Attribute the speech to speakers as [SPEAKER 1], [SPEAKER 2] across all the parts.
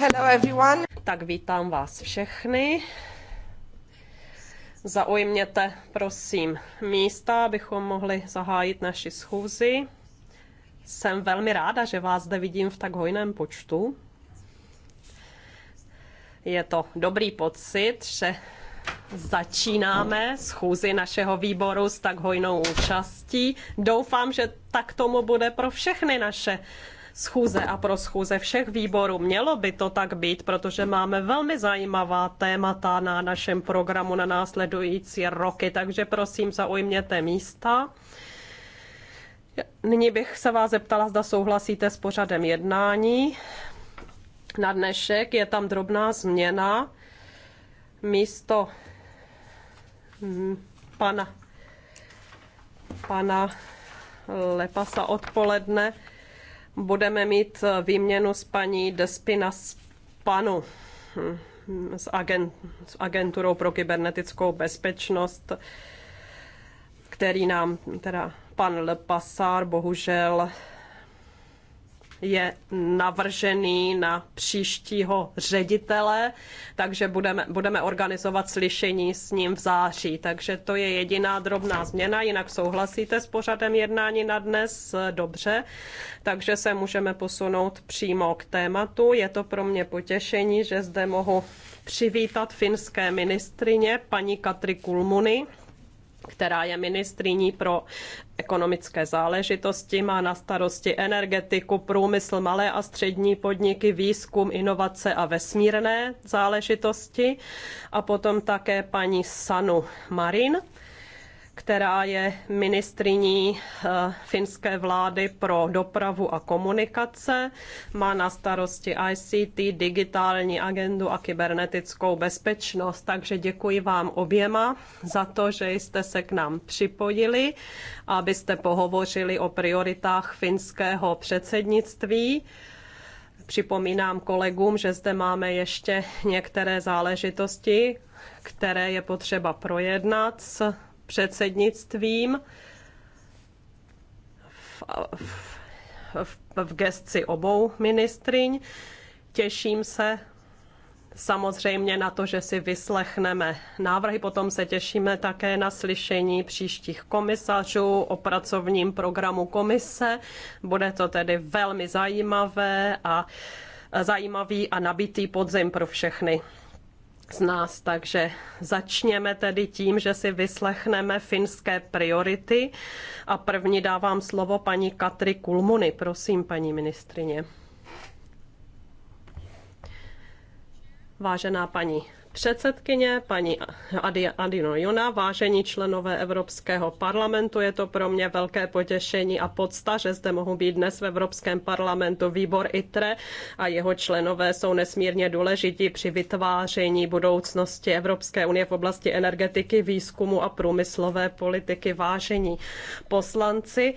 [SPEAKER 1] Hello everyone. Tak vítám vás všechny. Zaujměte, prosím, místa, abychom mohli zahájit naši schůzi. Jsem velmi ráda, že vás zde vidím v tak hojném počtu. Je to dobrý pocit, že začínáme schůzi našeho výboru s tak hojnou účastí. Doufám, že tak tomu bude pro všechny naše schůze a pro schůze všech výborů. Mělo by to tak být, protože máme velmi zajímavá témata na našem programu na následující roky, takže prosím zaujměte místa. Nyní bych se vás zeptala, zda souhlasíte s pořadem jednání. Na dnešek je tam drobná změna. Místo hm, pana, pana Lepasa odpoledne budeme mít eh, výměnu s paní Despina panu hm, s, agent, s agenturou pro kybernetickou bezpečnost, který nám teda pan Passar bohužel je navržený na příštího ředitele, takže budeme, budeme organizovat slyšení s ním v září. Takže to je jediná drobná změna, jinak souhlasíte s pořadem jednání na dnes? Dobře, takže se můžeme posunout přímo k tématu. Je to pro mě potěšení, že zde mohu přivítat finské ministrině paní Katri Kulmuny která je ministriní pro ekonomické záležitosti, má na starosti energetiku, průmysl, malé a střední podniky, výzkum, inovace a vesmírné záležitosti. A potom také paní Sanu Marin, která je ministriní eh, finské vlády pro dopravu a komunikace. Má na starosti ICT, digitální agendu a kybernetickou bezpečnost. Takže děkuji vám oběma za to, že jste se k nám připojili, abyste pohovořili o prioritách finského předsednictví. Připomínám kolegům, že zde máme ještě některé záležitosti, které je potřeba projednat s předsednictvím v, v, v, v gestci obou ministryň. Těším se samozřejmě na to, že si vyslechneme návrhy. Potom se těšíme také na slyšení příštích komisařů o pracovním programu komise. Bude to tedy velmi zajímavé a zajímavý a nabitý podzim pro všechny z nás, takže začněme tedy tím, že si vyslechneme finské priority a první dávám slovo paní Katri Kulmuny. Prosím, paní ministrině. Vážená paní předsedkyně, paní Adino Jona, vážení členové Evropského parlamentu, je to pro mě velké potěšení a podsta, že zde mohu být dnes v Evropském parlamentu výbor ITRE a jeho členové jsou nesmírně důležití při vytváření budoucnosti Evropské unie v oblasti energetiky, výzkumu a průmyslové politiky. Vážení poslanci,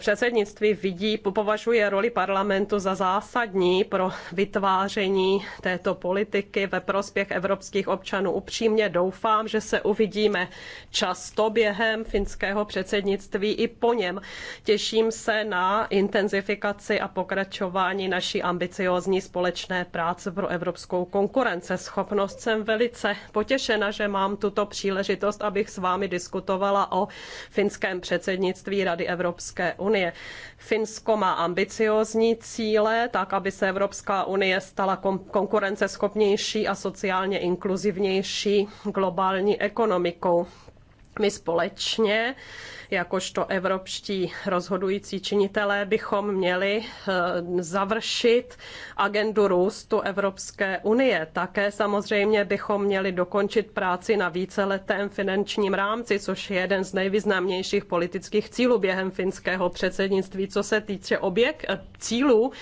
[SPEAKER 1] předsednictví vidí, považuje roli parlamentu za zásadní pro vytváření této politiky ve prospěch Evropské evropských občanů. Upřímně doufám, že se uvidíme často během finského předsednictví i po něm. Těším se na intenzifikaci a pokračování naší ambiciózní společné práce pro evropskou konkurenceschopnost. Jsem velice potěšena, že mám tuto příležitost, abych s vámi diskutovala o finském předsednictví Rady Evropské unie. Finsko má ambiciózní cíle, tak aby se Evropská unie stala konkurenceschopnější a sociálně inkluzivnější globální ekonomikou. My společně, jakožto evropští rozhodující činitelé, bychom měli eh, završit agendu růstu Evropské unie. Také samozřejmě bychom měli dokončit práci na víceletém finančním rámci, což je jeden z nejvýznamnějších politických cílů během finského předsednictví. Co se týče objekt eh, cílů,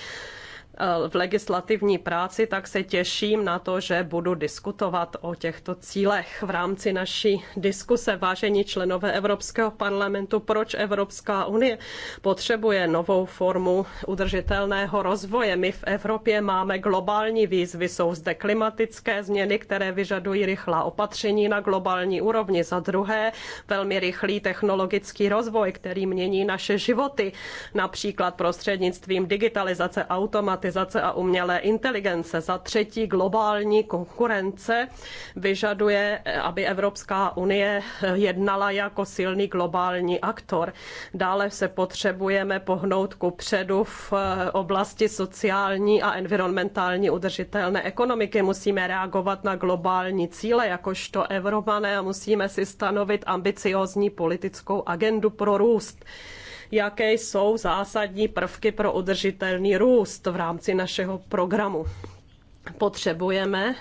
[SPEAKER 1] v legislativní práci, tak se těším na to, že budu diskutovat o těchto cílech v rámci naší diskuse. Vážení členové Evropského parlamentu, proč Evropská unie potřebuje novou formu udržitelného rozvoje? My v Evropě máme globální výzvy, jsou zde klimatické změny, které vyžadují rychlá opatření na globální úrovni. Za druhé, velmi rychlý technologický rozvoj, který mění naše životy, například prostřednictvím digitalizace, automatizace, robotizace a umělé inteligence. Za třetí globální konkurence vyžaduje, aby Evropská unie jednala jako silný globální aktor. Dále se potřebujeme pohnout ku předu v oblasti sociální a environmentální udržitelné ekonomiky. Musíme reagovat na globální cíle, jakožto Evropané a musíme si stanovit ambiciozní politickou agendu pro růst jaké jsou zásadní prvky pro udržitelný růst v rámci našeho programu. Potřebujeme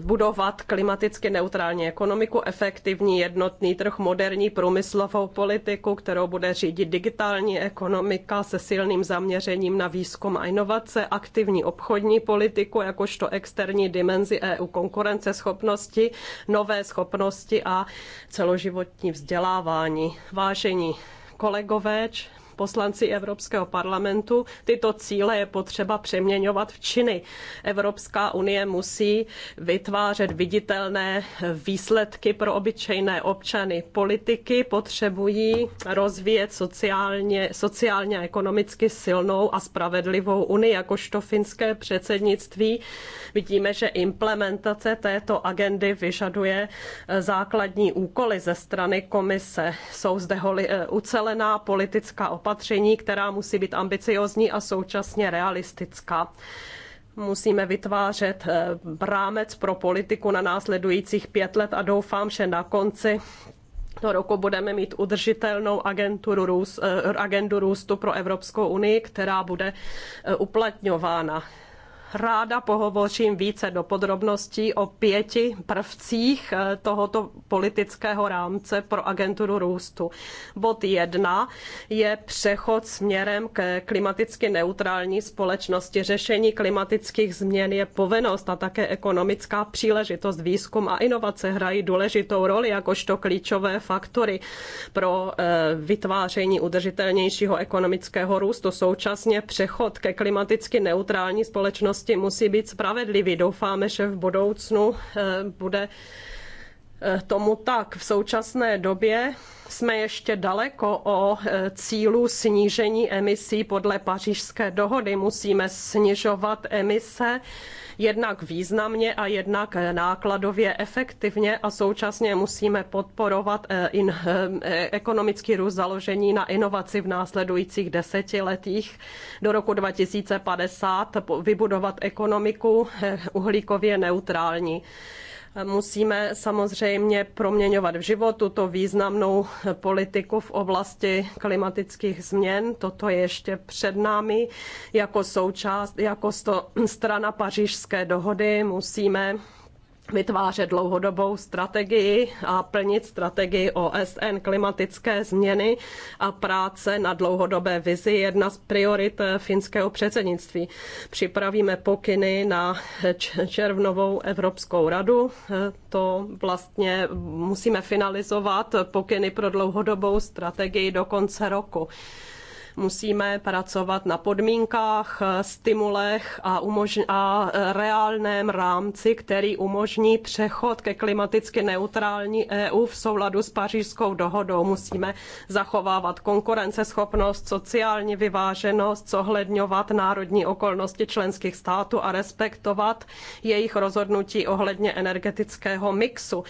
[SPEAKER 1] budovat klimaticky neutrální ekonomiku, efektivní jednotný trh, moderní průmyslovou politiku, kterou bude řídit digitální ekonomika se silným zaměřením na výzkum a inovace, aktivní obchodní politiku, jakožto externí dimenzi EU konkurenceschopnosti, nové schopnosti a celoživotní vzdělávání. Vážení kolegové, poslanci Evropského parlamentu, tyto cíle je potřeba přeměňovat v činy. Evropská unie musí vytvářet viditelné výsledky pro obyčejné občany. Politiky potřebují rozvíjet sociálně, sociálně a ekonomicky silnou a spravedlivou unii, jakožto finské předsednictví. Vidíme, že implementace této agendy vyžaduje eh, základní úkoly ze strany komise. Jsou zde eh, ucelená politická opatření opatření, která musí být ambiciozní a současně realistická musíme vytvářet eh, rámec pro politiku na následujících pět let a doufám, že na konci do roku budeme mít udržitelnou agenturu růst, eh, agendu růstu pro Evropskou unii, která bude eh, uplatňována. Ráda pohovořím více do podrobností o pěti prvcích eh, tohoto politického rámce pro agenturu růstu. Bod jedna je přechod směrem k klimaticky neutrální společnosti. Řešení klimatických změn je povinnost a také ekonomická příležitost. Výzkum a inovace hrají důležitou roli jakožto klíčové faktory pro eh, vytváření udržitelnějšího ekonomického růstu. Současně přechod ke klimaticky neutrální společnosti prostě musí být spravedlivý. Doufáme, že v budoucnu eh, bude Eh, tomu tak. V současné době jsme ještě daleko o eh, cílu snížení emisí podle pařížské dohody. Musíme snižovat emise jednak významně a jednak eh, nákladově efektivně a současně musíme podporovat in, ekonomický růst založení na inovaci v následujících desetiletích. Do roku 2050 vybudovat ekonomiku uhlíkově neutrální. Musíme samozřejmě proměňovat v život tuto významnou politiku v oblasti klimatických změn. Toto je ještě před námi. Jako součást, jako sto, strana pařížské dohody musíme vytvářet dlouhodobou strategii a plnit strategii OSN klimatické změny a práce na dlouhodobé vizi jedna z priorit eh, finského předsednictví. Připravíme pokyny na červnovou Evropskou radu. Eh, to vlastně musíme finalizovat eh, pokyny pro dlouhodobou strategii do konce roku. Musíme pracovat na podmínkách, stimulech a, umožň- a e, reálném rámci, který umožní přechod ke klimaticky neutrální EU v souladu s pařížskou dohodou. Musíme zachovávat konkurenceschopnost, sociální vyváženost, zohledňovat národní okolnosti členských států a respektovat jejich rozhodnutí ohledně energetického mixu.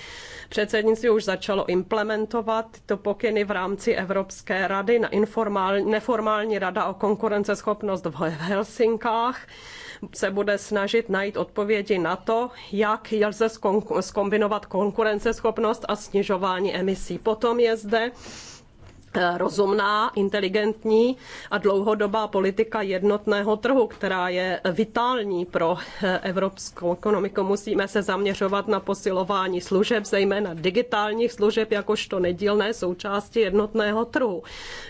[SPEAKER 1] Předsednictví už začalo implementovat tyto pokyny v rámci Evropské rady na informální, neformální neformální rada o konkurenceschopnost v Helsinkách se bude snažit najít odpovědi na to, jak lze skombinovat konkurenceschopnost a snižování emisí. Potom je zde Eh, rozumná, inteligentní a dlouhodobá politika jednotného trhu, která je vitální pro eh, evropskou ekonomiku. Musíme se zaměřovat na posilování služeb, zejména digitálních služeb, jakožto nedílné součásti jednotného trhu.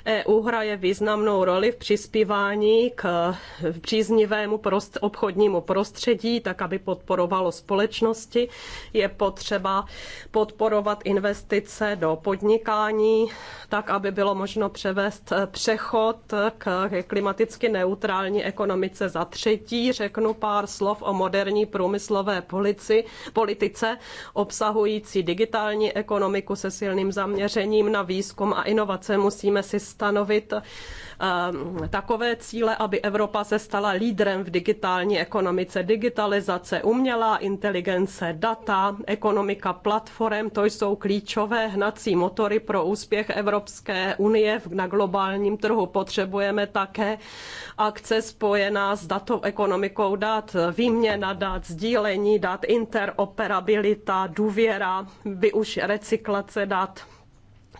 [SPEAKER 1] EU hraje významnou roli v přispívání k eh, příznivému prost, obchodnímu prostředí, tak aby podporovalo společnosti. Je potřeba podporovat investice do podnikání, tak aby bylo možno převést eh, přechod k klimaticky neutrální ekonomice. Za třetí řeknu pár slov o moderní průmyslové polici, politice obsahující digitální ekonomiku se silným zaměřením na výzkum a inovace. Musíme si stanovit Ehm, takové cíle, aby Evropa se stala lídrem v digitální ekonomice. Digitalizace, umělá inteligence, data, ekonomika platform, to jsou klíčové hnací motory pro úspěch Evropské unie na globálním trhu. Potřebujeme také akce spojená s datou ekonomikou dat, výměna dat, sdílení dat, interoperabilita, důvěra, využ recyklace dat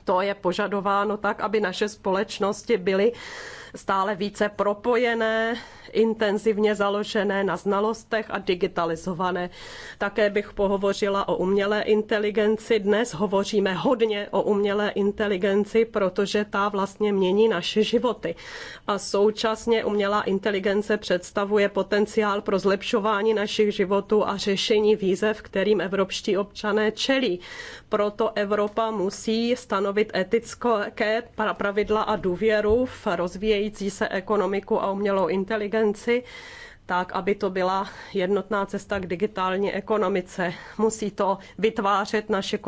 [SPEAKER 1] to je požadováno tak, aby naše společnosti byly stále více propojené, intenzivně založené na znalostech a digitalizované. Také bych pohovořila o umělé inteligenci. Dnes hovoříme hodně o umělé inteligenci, protože ta vlastně mění naše životy. A současně umělá inteligence představuje potenciál pro zlepšování našich životů a řešení výzev, kterým evropští občané čelí. Proto Evropa musí stanovit etické pravidla a důvěru v rozvíjení rozvíjející se ekonomiku a umělou inteligenci, tak, aby to byla jednotná cesta k digitální ekonomice. Musí to vytvářet naše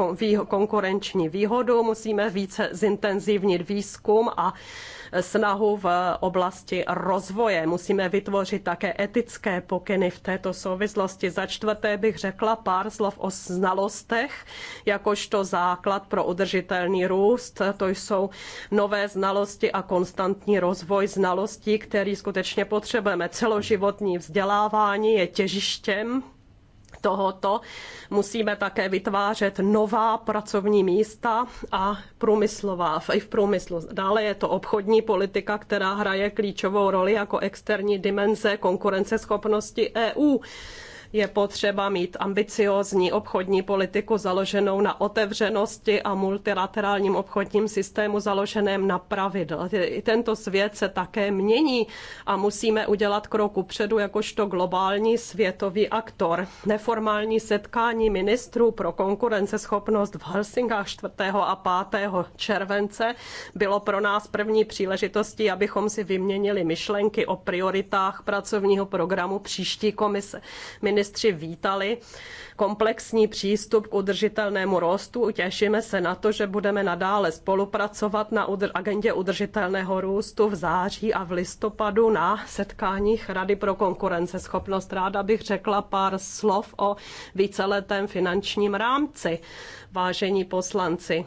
[SPEAKER 1] konkurenční výhodu, musíme více zintenzivnit výzkum a snahu v oblasti rozvoje. Musíme vytvořit také etické pokyny v této souvislosti. Za čtvrté bych řekla pár slov o znalostech, jakožto základ pro udržitelný růst. To jsou nové znalosti a konstantní rozvoj znalostí, který skutečně potřebujeme. Celoživotní vzdělávání je těžištěm tohoto musíme také vytvářet nová pracovní místa a průmyslová, i v průmyslu. Dále je to obchodní politika, která hraje klíčovou roli jako externí dimenze konkurenceschopnosti EU je potřeba mít ambiciózní obchodní politiku založenou na otevřenosti a multilaterálním obchodním systému založeném na pravidl. I tento svět se také mění a musíme udělat krok upředu jakožto globální světový aktor. Neformální setkání ministrů pro konkurenceschopnost v Helsingách 4. a 5. července bylo pro nás první příležitostí, abychom si vyměnili myšlenky o prioritách pracovního programu příští komise. Ministr ministři vítali komplexní přístup k udržitelnému růstu. Těšíme se na to, že budeme nadále spolupracovat na agendě udržitelného růstu v září a v listopadu na setkáních Rady pro konkurenceschopnost. Ráda bych řekla pár slov o víceletém finančním rámci. Vážení poslanci,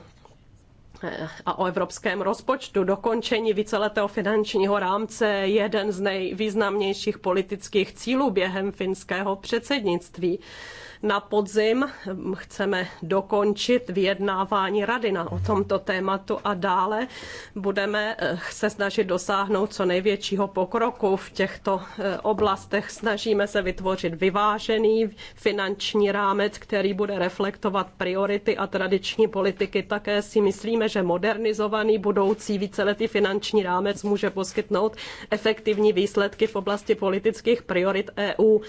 [SPEAKER 1] a o evropském rozpočtu. Dokončení víceletého finančního rámce je jeden z nejvýznamnějších politických cílů během finského předsednictví. Na podzim chceme dokončit vyjednávání rady na, o tomto tématu a dále budeme eh, se snažit dosáhnout co největšího pokroku v těchto eh, oblastech. Snažíme se vytvořit vyvážený finanční rámec, který bude reflektovat priority a tradiční politiky. Také si myslíme, že modernizovaný budoucí víceletý finanční rámec může poskytnout efektivní výsledky v oblasti politických priorit EU.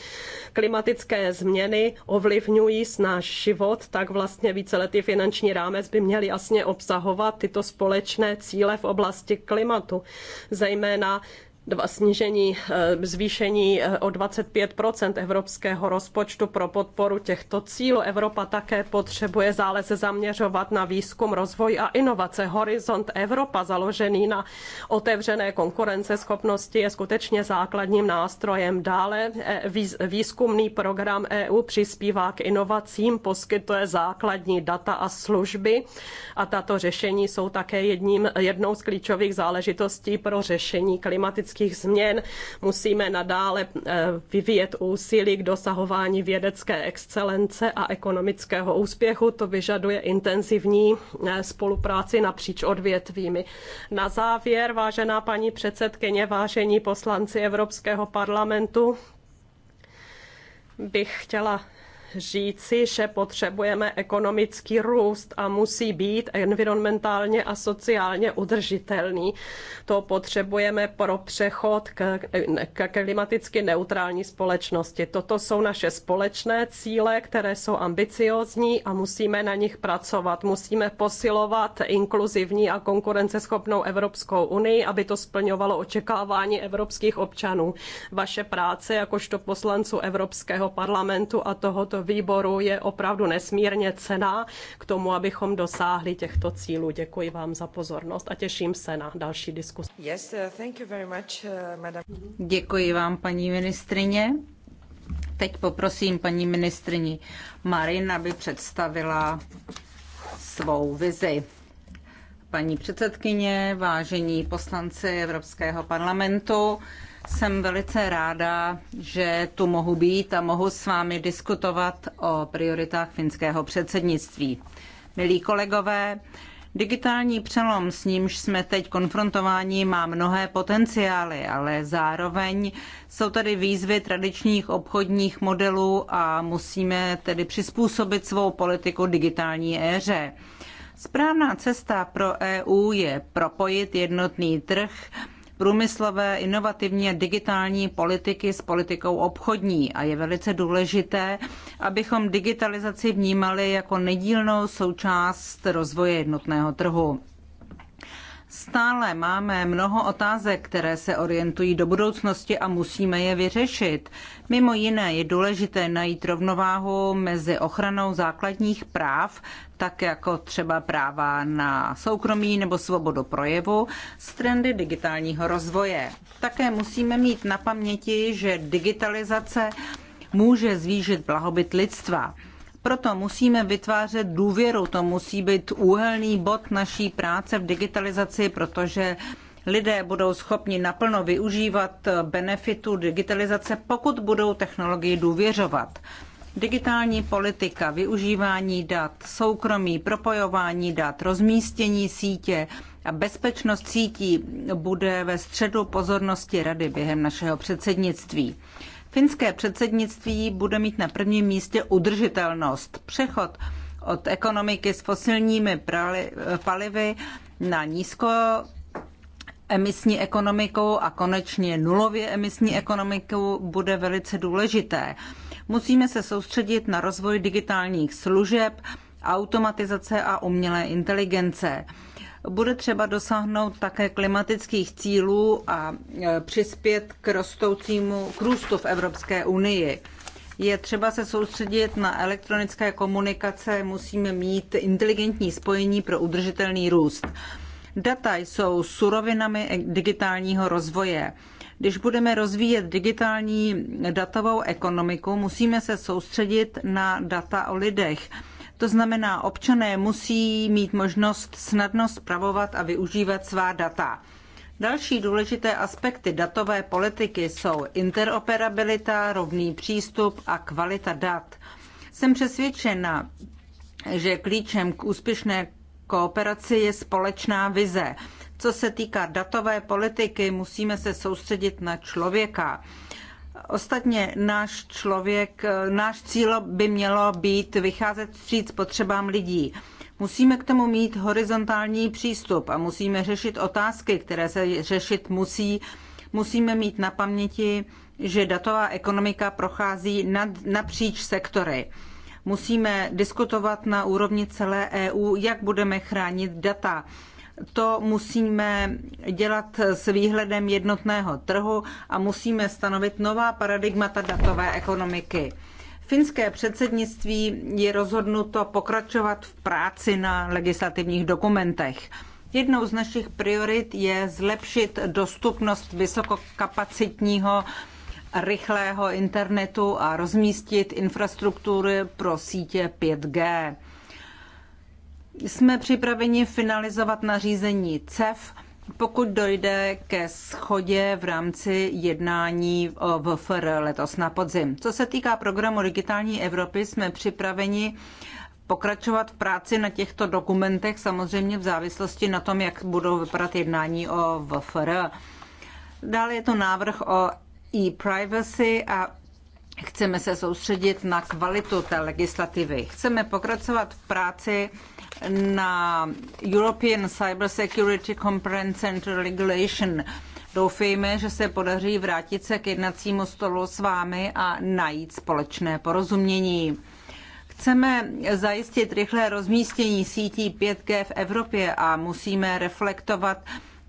[SPEAKER 1] Klimatické změny, ovlivňují náš život, tak vlastně víceletý finanční rámec by měl jasně obsahovat tyto společné cíle v oblasti klimatu, zejména dva snížení, eh, zvýšení eh, o 25 evropského rozpočtu pro podporu těchto cílů. Evropa také potřebuje záleze zaměřovat na výzkum, rozvoj a inovace. Horizont Evropa založený na otevřené konkurenceschopnosti je skutečně základním nástrojem. Dále eh, výzkumný program EU přispívá k inovacím, poskytuje základní data a služby a tato řešení jsou také jedním, jednou z klíčových záležitostí pro řešení klimatických klimatických změn. Musíme nadále eh, vyvíjet úsilí k dosahování vědecké excelence a ekonomického úspěchu. To vyžaduje intenzivní eh, spolupráci napříč odvětvími. Na závěr, vážená paní předsedkyně, vážení poslanci Evropského parlamentu, bych chtěla říci, že potřebujeme ekonomický růst a musí být environmentálně a sociálně udržitelný. To potřebujeme pro přechod k, k klimaticky neutrální společnosti. Toto jsou naše společné cíle, které jsou ambiciozní a musíme na nich pracovat. Musíme posilovat inkluzivní a konkurenceschopnou Evropskou unii, aby to splňovalo očekávání evropských občanů. Vaše práce jakožto poslanců Evropského parlamentu a tohoto výboru je opravdu nesmírně cená k tomu, abychom dosáhli těchto cílů. Děkuji vám za pozornost a těším se na další diskusi.
[SPEAKER 2] Yes, uh, thank you very much, uh, madam.
[SPEAKER 1] Děkuji vám, paní ministrině. Teď
[SPEAKER 3] poprosím paní ministrině Marin, aby představila svou vizi. Paní předsedkyně, vážení poslanci Evropského parlamentu, jsem velice ráda, že tu mohu být a mohu s vámi diskutovat o prioritách finského předsednictví. Milí kolegové, digitální přelom, s nímž jsme teď konfrontováni, má mnohé potenciály, ale zároveň jsou tady výzvy tradičních obchodních modelů a musíme tedy přizpůsobit svou politiku digitální éře. Správná cesta pro EU je propojit jednotný trh průmyslové, inovativní a digitální politiky s politikou obchodní. A je velice důležité, abychom digitalizaci vnímali jako nedílnou součást rozvoje jednotného trhu. Stále máme mnoho otázek, které se orientují do budoucnosti a musíme je vyřešit. Mimo jiné je důležité najít rovnováhu mezi ochranou základních práv, tak jako třeba práva na soukromí nebo svobodu projevu, s trendy digitálního rozvoje. Také musíme mít na paměti, že digitalizace může zvýšit blahobyt lidstva. Proto musíme vytvářet důvěru, to musí být úhelný bod naší práce v digitalizaci, protože lidé budou schopni naplno využívat benefitu digitalizace, pokud budou technologii důvěřovat. Digitální politika, využívání dat, soukromí, propojování dat, rozmístění sítě a bezpečnost sítí bude ve středu pozornosti Rady během našeho předsednictví. Finské předsednictví bude mít na prvním místě udržitelnost, přechod od ekonomiky s fosilními palivy na nízko emisní ekonomikou a konečně nulově emisní ekonomikou bude velice důležité. Musíme se soustředit na rozvoj digitálních služeb, automatizace a umělé inteligence bude třeba dosáhnout také klimatických cílů a e, přispět k rostoucímu k růstu v Evropské unii. Je třeba se soustředit na elektronické komunikace, musíme mít inteligentní spojení pro udržitelný růst. Data jsou surovinami digitálního rozvoje. Když budeme rozvíjet digitální datovou ekonomiku, musíme se soustředit na data o lidech to znamená, občané musí mít možnost snadno spravovat a využívat svá data. Další důležité aspekty datové politiky jsou interoperabilita, rovný přístup a kvalita dat. Jsem přesvědčena, že klíčem k úspěšné kooperaci je společná vize. Co se týká datové politiky, musíme se soustředit na člověka. Ostatně náš člověk, náš cíl by mělo být vycházet vstříc potřebám lidí. Musíme k tomu mít horizontální přístup a musíme řešit otázky, které se řešit musí. Musíme mít na paměti, že datová ekonomika prochází nad, napříč sektory. Musíme diskutovat na úrovni celé EU, jak budeme chránit data to musíme dělat s výhledem jednotného trhu a musíme stanovit nová paradigmata datové ekonomiky. Finské předsednictví je rozhodnuto pokračovat v práci na legislativních dokumentech. Jednou z našich priorit je zlepšit dostupnost vysokokapacitního rychlého internetu a rozmístit infrastruktury pro sítě 5G jsme připraveni finalizovat nařízení CEF, pokud dojde ke schodě v rámci jednání v FR letos na podzim. Co se týká programu Digitální Evropy, jsme připraveni pokračovat v práci na těchto dokumentech, samozřejmě v závislosti na tom, jak budou vypadat jednání o VFR. Dále je to návrh o e-privacy a Chceme se soustředit na kvalitu té legislativy. Chceme pokračovat v práci na European Cyber Security Conference and Regulation. Doufejme, že se podaří vrátit se k jednacímu stolu s vámi a najít společné porozumění. Chceme zajistit rychlé rozmístění sítí 5G v Evropě a musíme reflektovat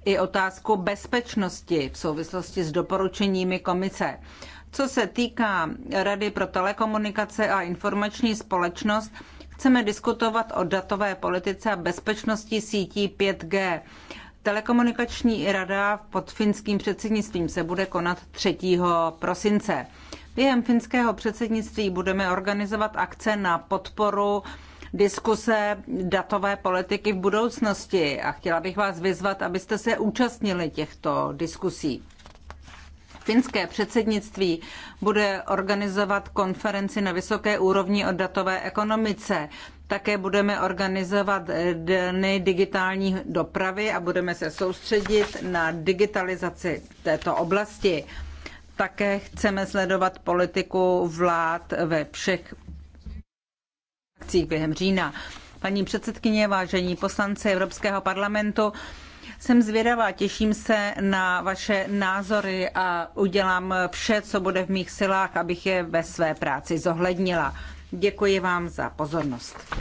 [SPEAKER 3] i otázku bezpečnosti v souvislosti s doporučeními komise. Co se týká Rady pro telekomunikace a informační společnost, chceme diskutovat o datové politice a bezpečnosti sítí 5G. Telekomunikační rada pod finským předsednictvím se bude konat 3. prosince. Během finského předsednictví budeme organizovat akce na podporu diskuse datové politiky v budoucnosti a chtěla bych vás vyzvat, abyste se účastnili těchto diskusí finské předsednictví bude organizovat konferenci na vysoké úrovni o datové ekonomice. Také budeme organizovat dny digitální dopravy a budeme se soustředit na digitalizaci této oblasti. Také chceme sledovat politiku vlád ve všech akcích během října. Paní předsedkyně, vážení poslanci Evropského parlamentu, jsem zvědavá, těším se na vaše názory a udělám vše, co bude v mých silách, abych je ve své práci zohlednila. Děkuji vám za pozornost.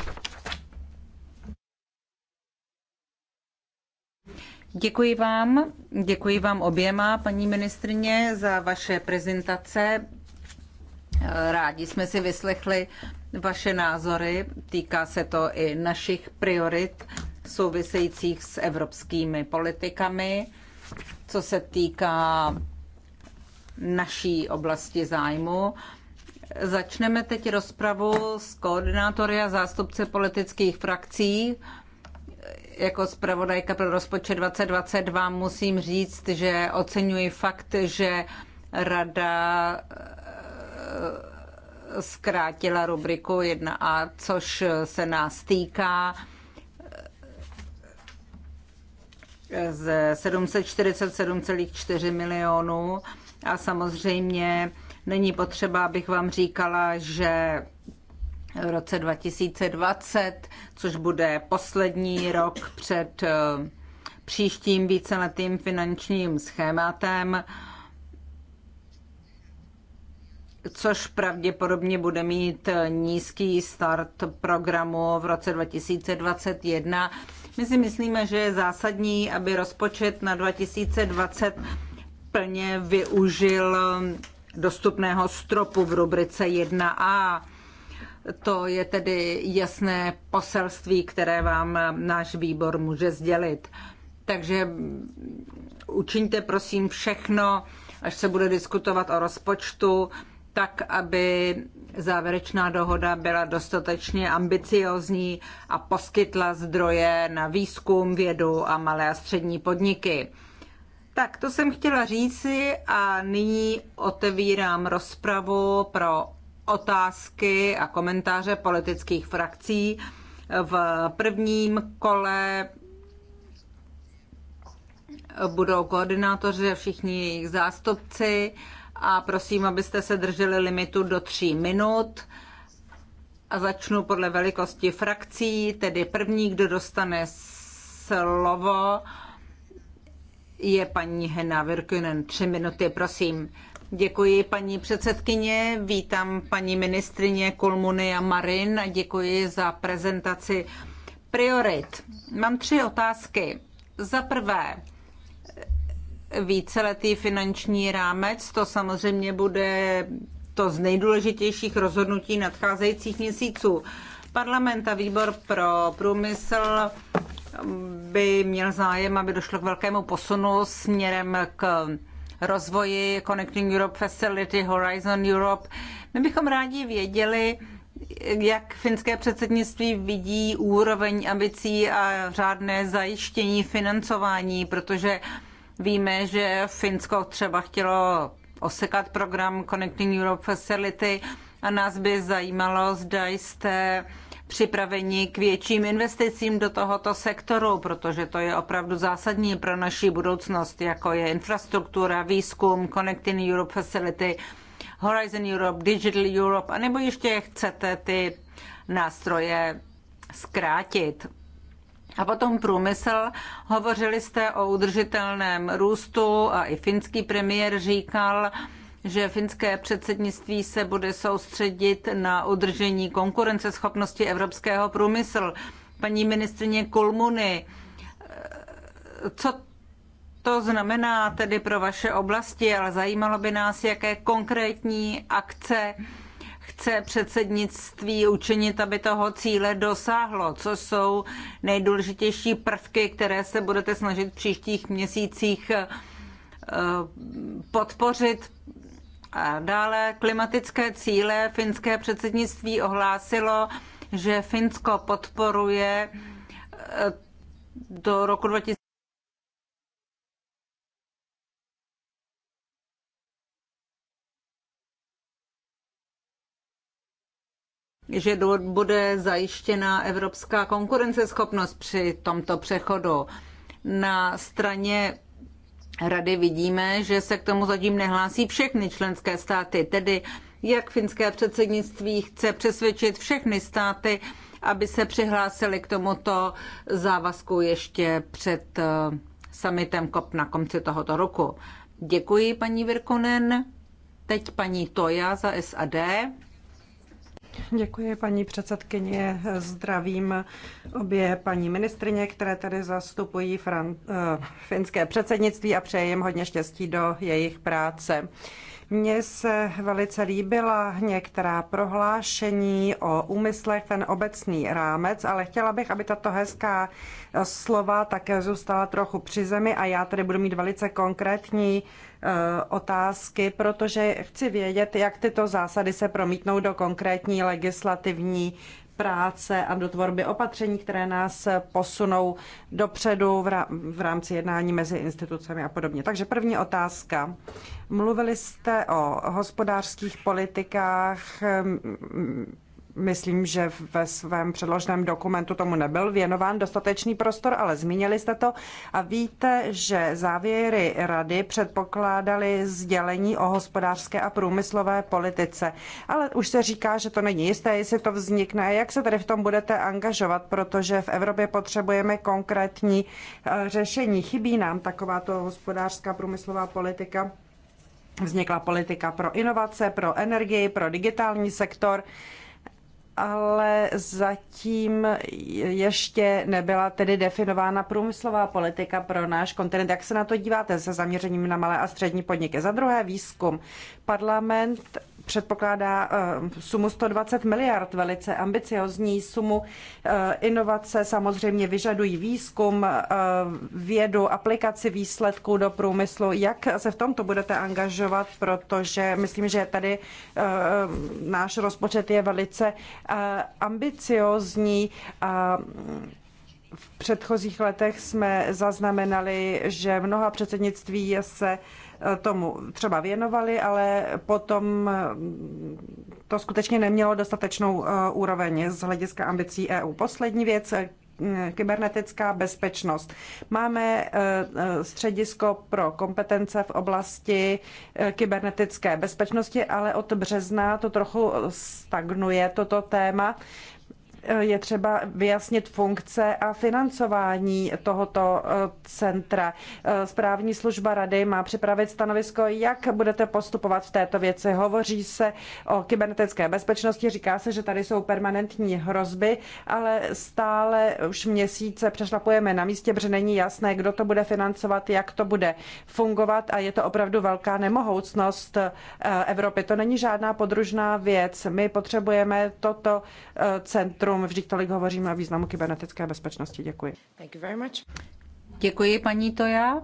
[SPEAKER 3] Děkuji vám, děkuji vám oběma, paní ministrině, za vaše prezentace. Rádi jsme si vyslechli vaše názory, týká se to i našich priorit souvisejících s evropskými politikami, co se týká naší oblasti zájmu. Začneme teď rozpravu s koordinátory a zástupce politických frakcí. Jako zpravodajka pro rozpočet 2022 musím říct, že oceňuji fakt, že rada eh, zkrátila rubriku 1a, což se nás týká z 747,4 milionů. A samozřejmě není potřeba, abych vám říkala, že v roce 2020, což bude poslední rok před eh, příštím víceletým finančním schématem, což pravděpodobně bude mít eh, nízký start programu v roce 2021. My si myslíme, že je zásadní, aby rozpočet na 2020 plně využil dostupného stropu v rubrice 1a. To je tedy jasné poselství, které vám náš výbor může sdělit. Takže učiňte prosím všechno, až se bude diskutovat o rozpočtu, tak, aby Závěrečná dohoda byla dostatečně ambiciozní a poskytla zdroje na výzkum, vědu a malé a střední podniky. Tak, to jsem chtěla říci a nyní otevírám rozpravu pro otázky a komentáře politických frakcí. V prvním kole budou koordinátoři a všichni jejich zástupci a prosím, abyste se drželi limitu do tří minut. A začnu podle velikosti frakcí, tedy první, kdo dostane slovo, je paní Hena Virkunen. Tři minuty, prosím. Děkuji paní předsedkyně, vítám paní ministrině Kulmuny a Marin a děkuji za prezentaci priorit. Mám tři otázky. Za prvé, víceletý finanční rámec. To samozřejmě bude to z nejdůležitějších rozhodnutí nadcházejících měsíců. Parlament a výbor pro průmysl by měl zájem, aby došlo k velkému posunu směrem k rozvoji Connecting Europe Facility, Horizon Europe. My bychom rádi věděli, jak finské předsednictví vidí úroveň ambicí a řádné zajištění financování, protože Víme, že Finsko třeba chtělo osekat program Connecting Europe Facility a nás by zajímalo, zda jste připraveni k větším investicím do tohoto sektoru, protože to je opravdu zásadní pro naši budoucnost, jako je infrastruktura, výzkum, Connecting Europe Facility, Horizon Europe, Digital Europe, anebo ještě chcete ty nástroje zkrátit. A potom průmysl. Hovořili jste o udržitelném růstu a i finský premiér říkal, že finské předsednictví se bude soustředit na udržení konkurenceschopnosti evropského průmyslu. Paní ministrině Kulmuny, eh, co to znamená tedy pro vaše oblasti, ale zajímalo by nás, jaké konkrétní akce chce předsednictví učinit, aby toho cíle dosáhlo? Co jsou nejdůležitější prvky, které se budete snažit v příštích měsících eh, podpořit? A dále klimatické cíle. Finské předsednictví ohlásilo, že Finsko podporuje eh, do roku 2020 že bude zajištěna evropská konkurenceschopnost při tomto přechodu. Na straně Rady vidíme, že se k tomu zatím nehlásí všechny členské státy, tedy jak finské předsednictví chce přesvědčit všechny státy, aby se přihlásili k tomuto závazku ještě před eh, summitem COP na konci tohoto roku. Děkuji, paní Virkonen. Teď paní Toja za SAD.
[SPEAKER 2] Děkuji paní předsedkyně. Zdravím obě paní ministrině, které tady zastupují Fran- eh, finské předsednictví a přeji jim hodně štěstí do jejich práce. Mně se velice líbila některá prohlášení o úmyslech, ten obecný rámec, ale chtěla bych, aby tato hezká slova také zůstala trochu při zemi a já tedy budu mít velice konkrétní eh, otázky, protože chci vědět, jak tyto zásady se promítnou do konkrétní legislativní práce a do tvorby opatření, které nás posunou dopředu v rámci jednání mezi institucemi a podobně. Takže první otázka. Mluvili jste o hospodářských politikách myslím, že ve svém předloženém dokumentu tomu nebyl věnován dostatečný prostor, ale zmínili jste to a víte, že závěry rady předpokládaly sdělení o hospodářské a průmyslové politice. Ale už se říká, že to není jisté, jestli to vznikne. Jak se tedy v tom budete angažovat, protože v Evropě potřebujeme konkrétní e, řešení. Chybí nám takováto hospodářská průmyslová politika? Vznikla politika pro inovace, pro energii, pro digitální sektor ale zatím ještě nebyla tedy definována průmyslová politika pro náš kontinent. Jak se na to díváte se zaměřením na malé a střední podniky? Za druhé výzkum. Parlament předpokládá eh, sumu 120 miliard, velice ambiciozní sumu. Eh, inovace samozřejmě vyžadují výzkum, eh, vědu, aplikaci výsledků do průmyslu. Jak se v tomto budete angažovat, protože myslím, že tady náš rozpočet je velice ambiciozní a v předchozích letech jsme zaznamenali, že mnoha předsednictví se uh, Eh, tomu třeba věnovali, ale potom eh, to skutečně nemělo dostatečnou eh, úroveň z hlediska ambicí EU. Poslední věc, kybernetická bezpečnost. Máme středisko pro kompetence v oblasti kybernetické bezpečnosti, ale od března to trochu stagnuje, toto téma je třeba vyjasnit funkce a financování tohoto eh, centra. Eh, správní služba rady má připravit stanovisko, jak budete postupovat v této věci. Hovoří se o kybernetické bezpečnosti, říká se, že tady jsou permanentní hrozby, ale stále už měsíce přešlapujeme na místě, protože není jasné, kdo to bude financovat, jak to bude fungovat a je to opravdu velká nemohoucnost eh, Evropy. To není žádná podružná věc. My potřebujeme toto centrum my Vždyť tolik hovoříme o významu kybernetické bezpečnosti. Děkuji.
[SPEAKER 3] Thank you very much.
[SPEAKER 2] Děkuji, paní Toja.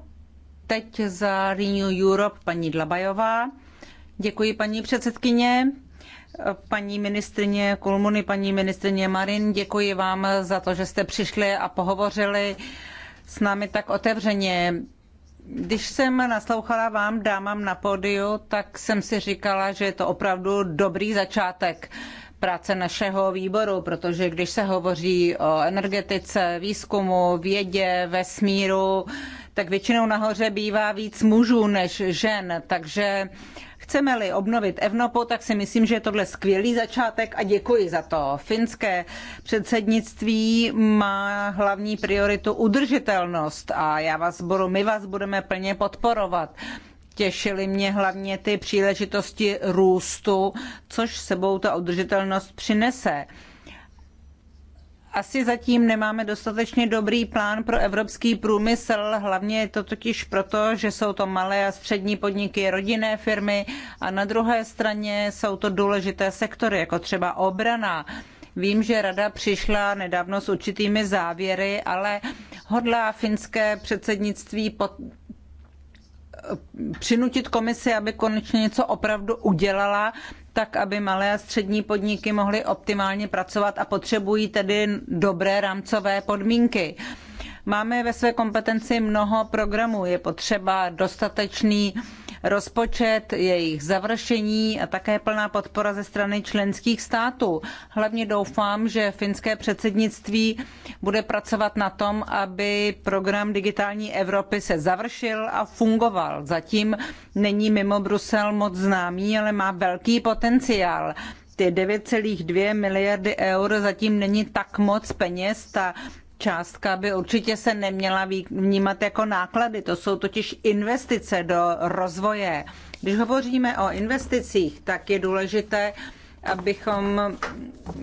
[SPEAKER 2] Teď za Renew Europe
[SPEAKER 3] paní Dlabajová. Děkuji, paní předsedkyně. Paní ministrině Kulmuny, paní ministrině Marin, děkuji vám za to, že jste přišli a pohovořili s námi tak otevřeně. Když jsem naslouchala vám dámám na pódiu, tak jsem si říkala, že je to opravdu dobrý začátek práce našeho výboru, protože když se hovoří o energetice, výzkumu, vědě, vesmíru, tak většinou nahoře bývá víc mužů než žen, takže Chceme-li obnovit Evnopo, tak si myslím, že je tohle skvělý začátek a děkuji za to. Finské předsednictví má hlavní prioritu udržitelnost a já vás budu, my vás budeme plně podporovat. Těšily mě hlavně ty příležitosti růstu, což sebou ta udržitelnost přinese. Asi zatím nemáme dostatečně dobrý plán pro evropský průmysl, hlavně je to totiž proto, že jsou to malé a střední podniky, rodinné firmy a na druhé straně jsou to důležité sektory, jako třeba obrana. Vím, že rada přišla nedávno s určitými závěry, ale hodlá finské předsednictví přinutit komisi, aby konečně něco opravdu udělala, tak aby malé a střední podniky mohly optimálně pracovat a potřebují tedy dobré rámcové podmínky. Máme ve své kompetenci mnoho programů, je potřeba dostatečný rozpočet, jejich završení a také plná podpora ze strany členských států. Hlavně doufám, že finské předsednictví bude pracovat na tom, aby program digitální Evropy se završil a fungoval. Zatím není mimo Brusel moc známý, ale má velký potenciál ty 9,2 miliardy eur zatím není tak moc peněz. Ta částka by určitě se neměla vnímat jako náklady. To jsou totiž investice do rozvoje. Když hovoříme o investicích, tak je důležité, abychom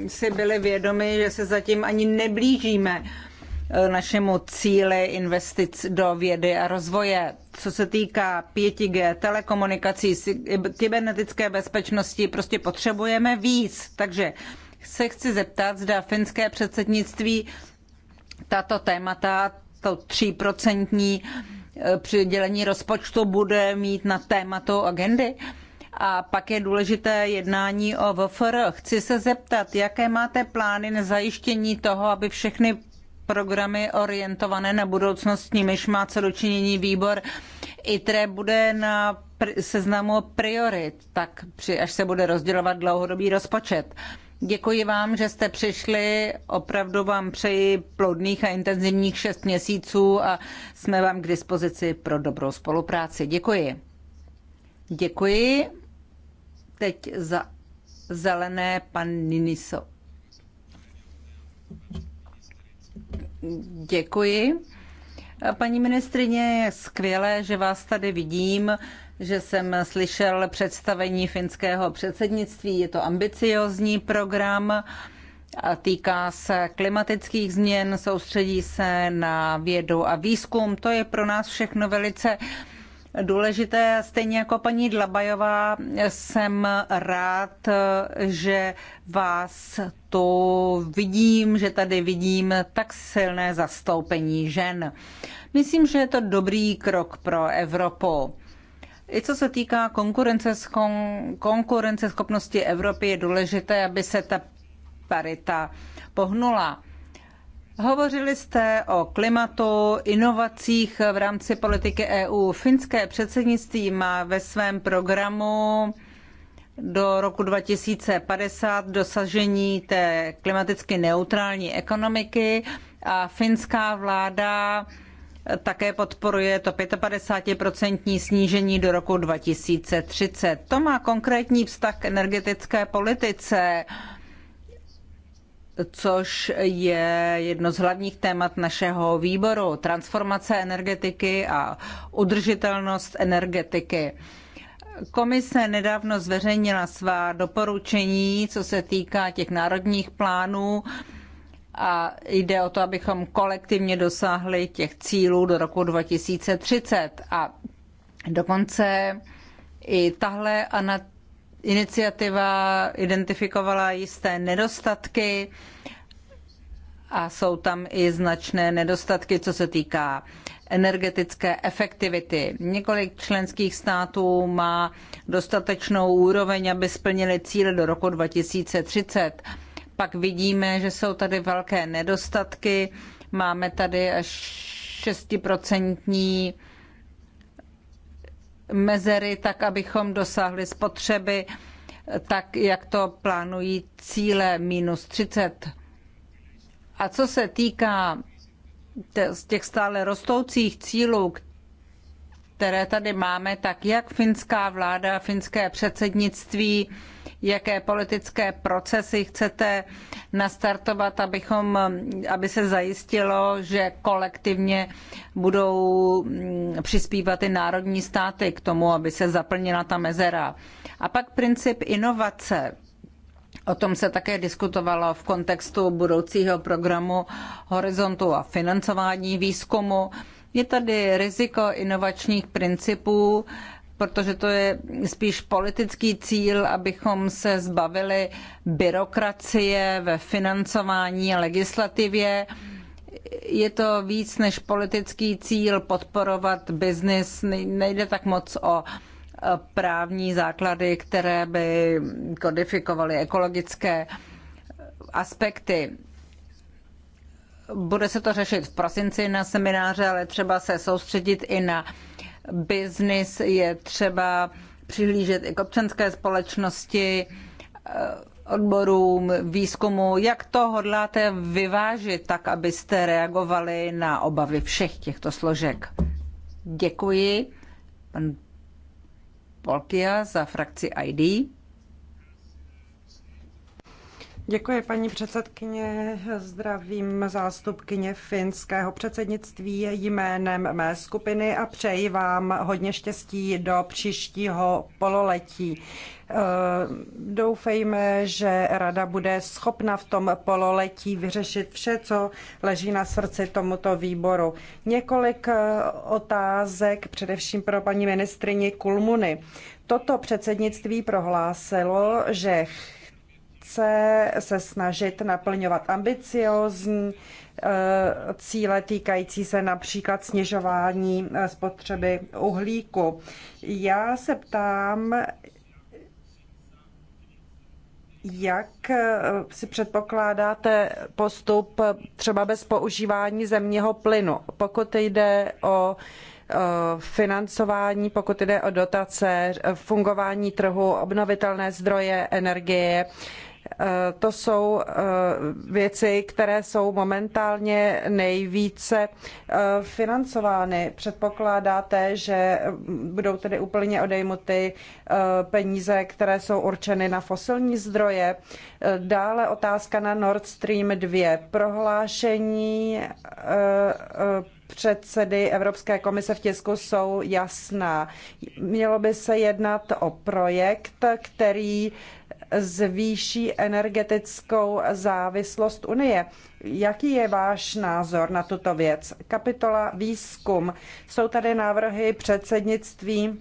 [SPEAKER 3] si byli vědomi, že se zatím ani neblížíme eh, našemu cíli investic do vědy a rozvoje. Co se týká 5G, telekomunikací, kybernetické bezpečnosti, prostě potřebujeme víc. Takže se chci zeptat, zda finské předsednictví tato témata, to tříprocentní eh, přidělení rozpočtu bude mít na tématu agendy. A pak je důležité jednání o VFR. Chci se zeptat, jaké máte plány na zajištění toho, aby všechny programy orientované na budoucnost, s nimiž má co dočinění výbor ITRE, bude na seznamu priorit, tak při, až se bude rozdělovat dlouhodobý rozpočet. Děkuji vám, že jste přišli. Opravdu vám přeji plodných a intenzivních šest měsíců a jsme vám k dispozici pro dobrou spolupráci. Děkuji. Děkuji. Teď za zelené pan Niniso. Děkuji. Paní ministrině, je skvělé, že vás tady vidím že jsem slyšel představení finského předsednictví. Je to ambiciozní program a týká se klimatických změn, soustředí se na vědu a výzkum. To je pro nás všechno velice důležité. Stejně jako paní Dlabajová jsem rád, že vás tu vidím, že tady vidím tak silné zastoupení žen. Myslím, že je to dobrý krok pro Evropu. I co se týká konkurenceschopnosti Evropy, je důležité, aby se ta parita pohnula. Hovořili jste o klimatu, inovacích v rámci politiky EU. Finské předsednictví má ve svém programu do roku 2050 dosažení té klimaticky neutrální ekonomiky a finská vláda také podporuje to 55% snížení do roku 2030. To má konkrétní vztah k energetické politice, což je jedno z hlavních témat našeho výboru. Transformace energetiky a udržitelnost energetiky. Komise nedávno zveřejnila svá doporučení, co se týká těch národních plánů a jde o to, abychom kolektivně dosáhli těch cílů do roku 2030. A dokonce i tahle iniciativa identifikovala jisté nedostatky a jsou tam i značné nedostatky, co se týká energetické efektivity. Několik členských států má dostatečnou úroveň, aby splnili cíle do roku 2030 pak vidíme, že jsou tady velké nedostatky. Máme tady až 6% mezery, tak abychom dosáhli spotřeby, tak jak to plánují cíle minus 30. A co se týká z těch stále rostoucích cílů, které tady máme, tak jak finská vláda, finské předsednictví jaké politické procesy chcete nastartovat, abychom, aby se zajistilo, že kolektivně budou mm, přispívat i národní státy k tomu, aby se zaplnila ta mezera. A pak princip inovace. O tom se také diskutovalo v kontextu budoucího programu Horizontu a financování výzkumu. Je tady riziko inovačních principů, protože to je spíš politický cíl, abychom se zbavili byrokracie ve financování a legislativě. Je to víc než politický cíl podporovat biznis. Nejde tak moc o eh, právní základy, které by kodifikovaly ekologické eh, aspekty. Bude se to řešit v prosinci na semináře, ale třeba se soustředit i na biznis, je třeba přihlížet i k občanské společnosti, odborům, výzkumu. Jak to hodláte vyvážit tak, abyste reagovali na obavy všech těchto složek? Děkuji. Pan
[SPEAKER 2] Polkia za frakci ID. Děkuji, paní předsedkyně. Zdravím zástupkyně finského předsednictví jménem mé skupiny a přeji vám hodně štěstí do příštího pololetí. Eh, doufejme, že Rada bude schopna v tom pololetí vyřešit vše, co leží na srdci tomuto výboru. Několik eh, otázek, především pro paní ministrině Kulmuny. Toto předsednictví prohlásilo, že chce se snažit naplňovat ambiciozní eh, cíle týkající se například snižování eh, spotřeby uhlíku. Já se ptám, jak eh, si předpokládáte postup třeba bez používání zemního plynu, pokud jde o financování, pokud jde o dotace, fungování trhu, obnovitelné zdroje energie, Eh, to jsou eh, věci, které jsou momentálně nejvíce eh, financovány. Předpokládáte, že budou tedy úplně odejmuty peníze, které jsou určeny na fosilní zdroje. Dále otázka na Nord Stream 2. Prohlášení předsedy Evropské komise v tisku jsou jasná. Mělo by se jednat o projekt, který zvýší energetickou závislost Unie. Jaký je váš názor na tuto věc? Kapitola výzkum. Jsou tady návrhy předsednictví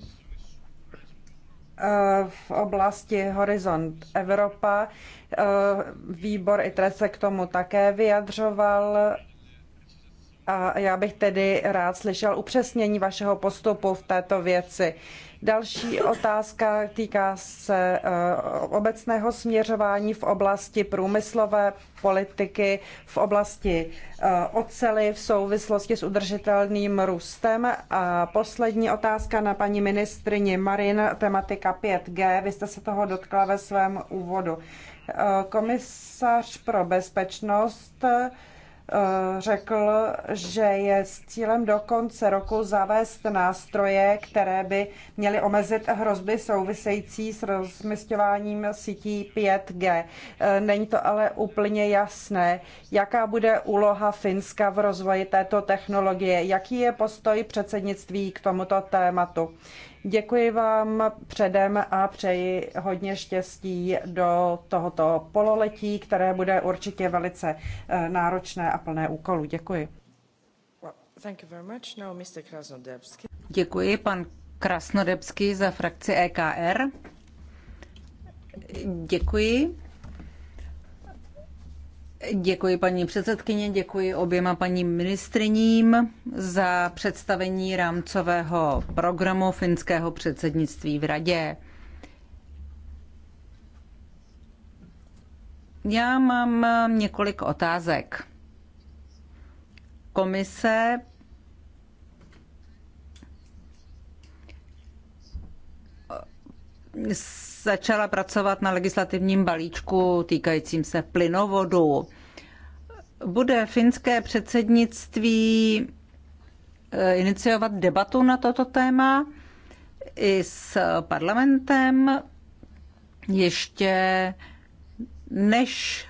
[SPEAKER 2] eh, v oblasti Horizont Evropa. Eh, výbor ITRE se k tomu také vyjadřoval. A já bych tedy rád slyšel upřesnění vašeho postupu v této věci. Další otázka týká se eh, obecného směřování v oblasti průmyslové politiky, v oblasti eh, ocely v souvislosti s udržitelným růstem. A poslední otázka na paní ministrině Marin, tematika 5G. Vy jste se toho dotkla ve svém úvodu. Eh, komisař pro bezpečnost Eh, řekl, že je s cílem do konce roku zavést nástroje, které by měly omezit hrozby související s rozmysťováním sítí 5G. Eh, není to ale úplně jasné, jaká bude úloha Finska v rozvoji této technologie, jaký je postoj předsednictví k tomuto tématu. Děkuji vám předem a přeji hodně štěstí do tohoto pololetí, které bude určitě velice eh, náročné a plné úkolů. Děkuji. Děkuji, pan Krasnodebský za
[SPEAKER 3] frakci EKR. Děkuji. Děkuji paní předsedkyně, děkuji oběma paní ministriním za představení rámcového programu finského předsednictví v radě. Já mám několik otázek. Komise začala pracovat na legislativním balíčku týkajícím se plynovodu. Bude finské předsednictví eh, iniciovat debatu na toto téma i s parlamentem ještě než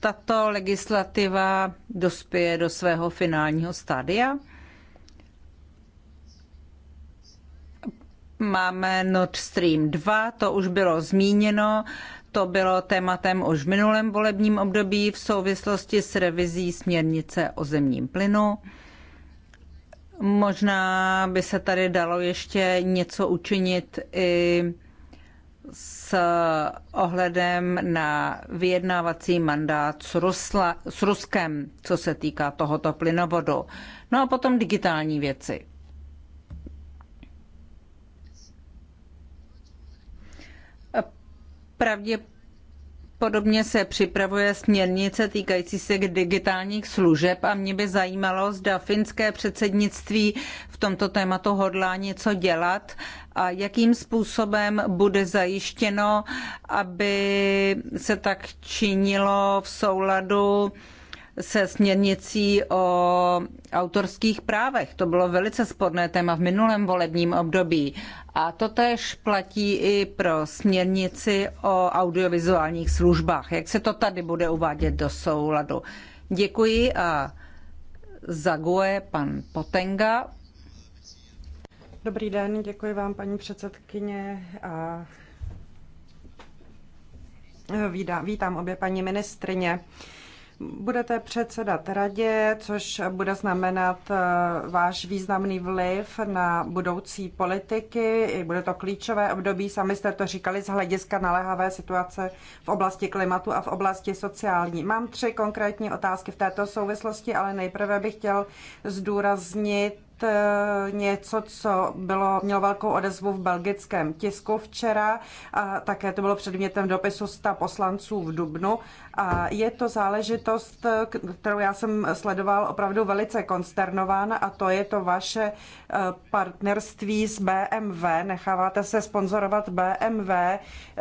[SPEAKER 3] tato legislativa dospěje do svého finálního stádia? Máme Nord Stream 2, to už bylo zmíněno, to bylo tématem už v minulém volebním období v souvislosti s revizí směrnice o zemním plynu. Možná by se tady dalo ještě něco učinit i s ohledem na vyjednávací mandát s, Rusla, s Ruskem, co se týká tohoto plynovodu. No a potom digitální věci. Pravděpodobně se připravuje směrnice týkající se digitálních služeb a mě by zajímalo, zda finské předsednictví v tomto tématu hodlá něco dělat a jakým způsobem bude zajištěno, aby se tak činilo v souladu se směrnicí o autorských právech. To bylo velice sporné téma v minulém volebním období. A to tež platí i pro směrnici o audiovizuálních službách. Jak se to tady bude uvádět do souladu? Děkuji a
[SPEAKER 2] zaguje pan Potenga. Dobrý den, děkuji vám, paní předsedkyně. A Vídám, vítám obě paní ministrině. Budete předsedat radě, což bude znamenat eh, váš významný vliv na budoucí politiky. Bude to klíčové období, sami jste to říkali, z hlediska naléhavé situace v oblasti klimatu a v oblasti sociální. Mám tři konkrétní otázky v této souvislosti, ale nejprve bych chtěl zdůraznit eh, něco, co bylo, mělo velkou odezvu v belgickém tisku včera a také to bylo předmětem dopisu 100 poslanců v Dubnu a je to záležitost, kterou já jsem sledoval opravdu velice konsternován a to je to vaše eh, partnerství s BMW. Necháváte se sponzorovat BMW, eh,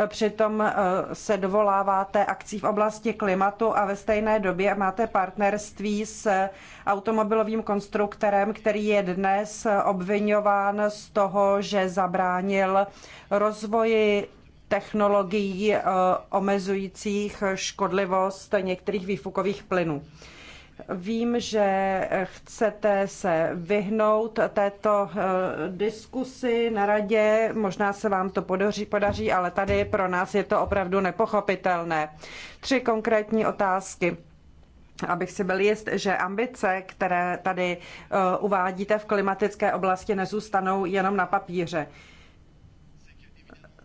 [SPEAKER 2] přitom eh, se dovoláváte akcí v oblasti klimatu a ve stejné době máte partnerství s automobilovým konstruktorem, který je dnes obvinován z toho, že zabránil rozvoji technologií eh, omezujících škodlivost některých výfukových plynů. Vím, že chcete se vyhnout této eh, diskusi na radě, možná se vám to podaří, podaří, ale tady pro nás je to opravdu nepochopitelné. Tři konkrétní otázky abych si byl jist, že ambice, které tady eh, uvádíte v klimatické oblasti, nezůstanou jenom na papíře.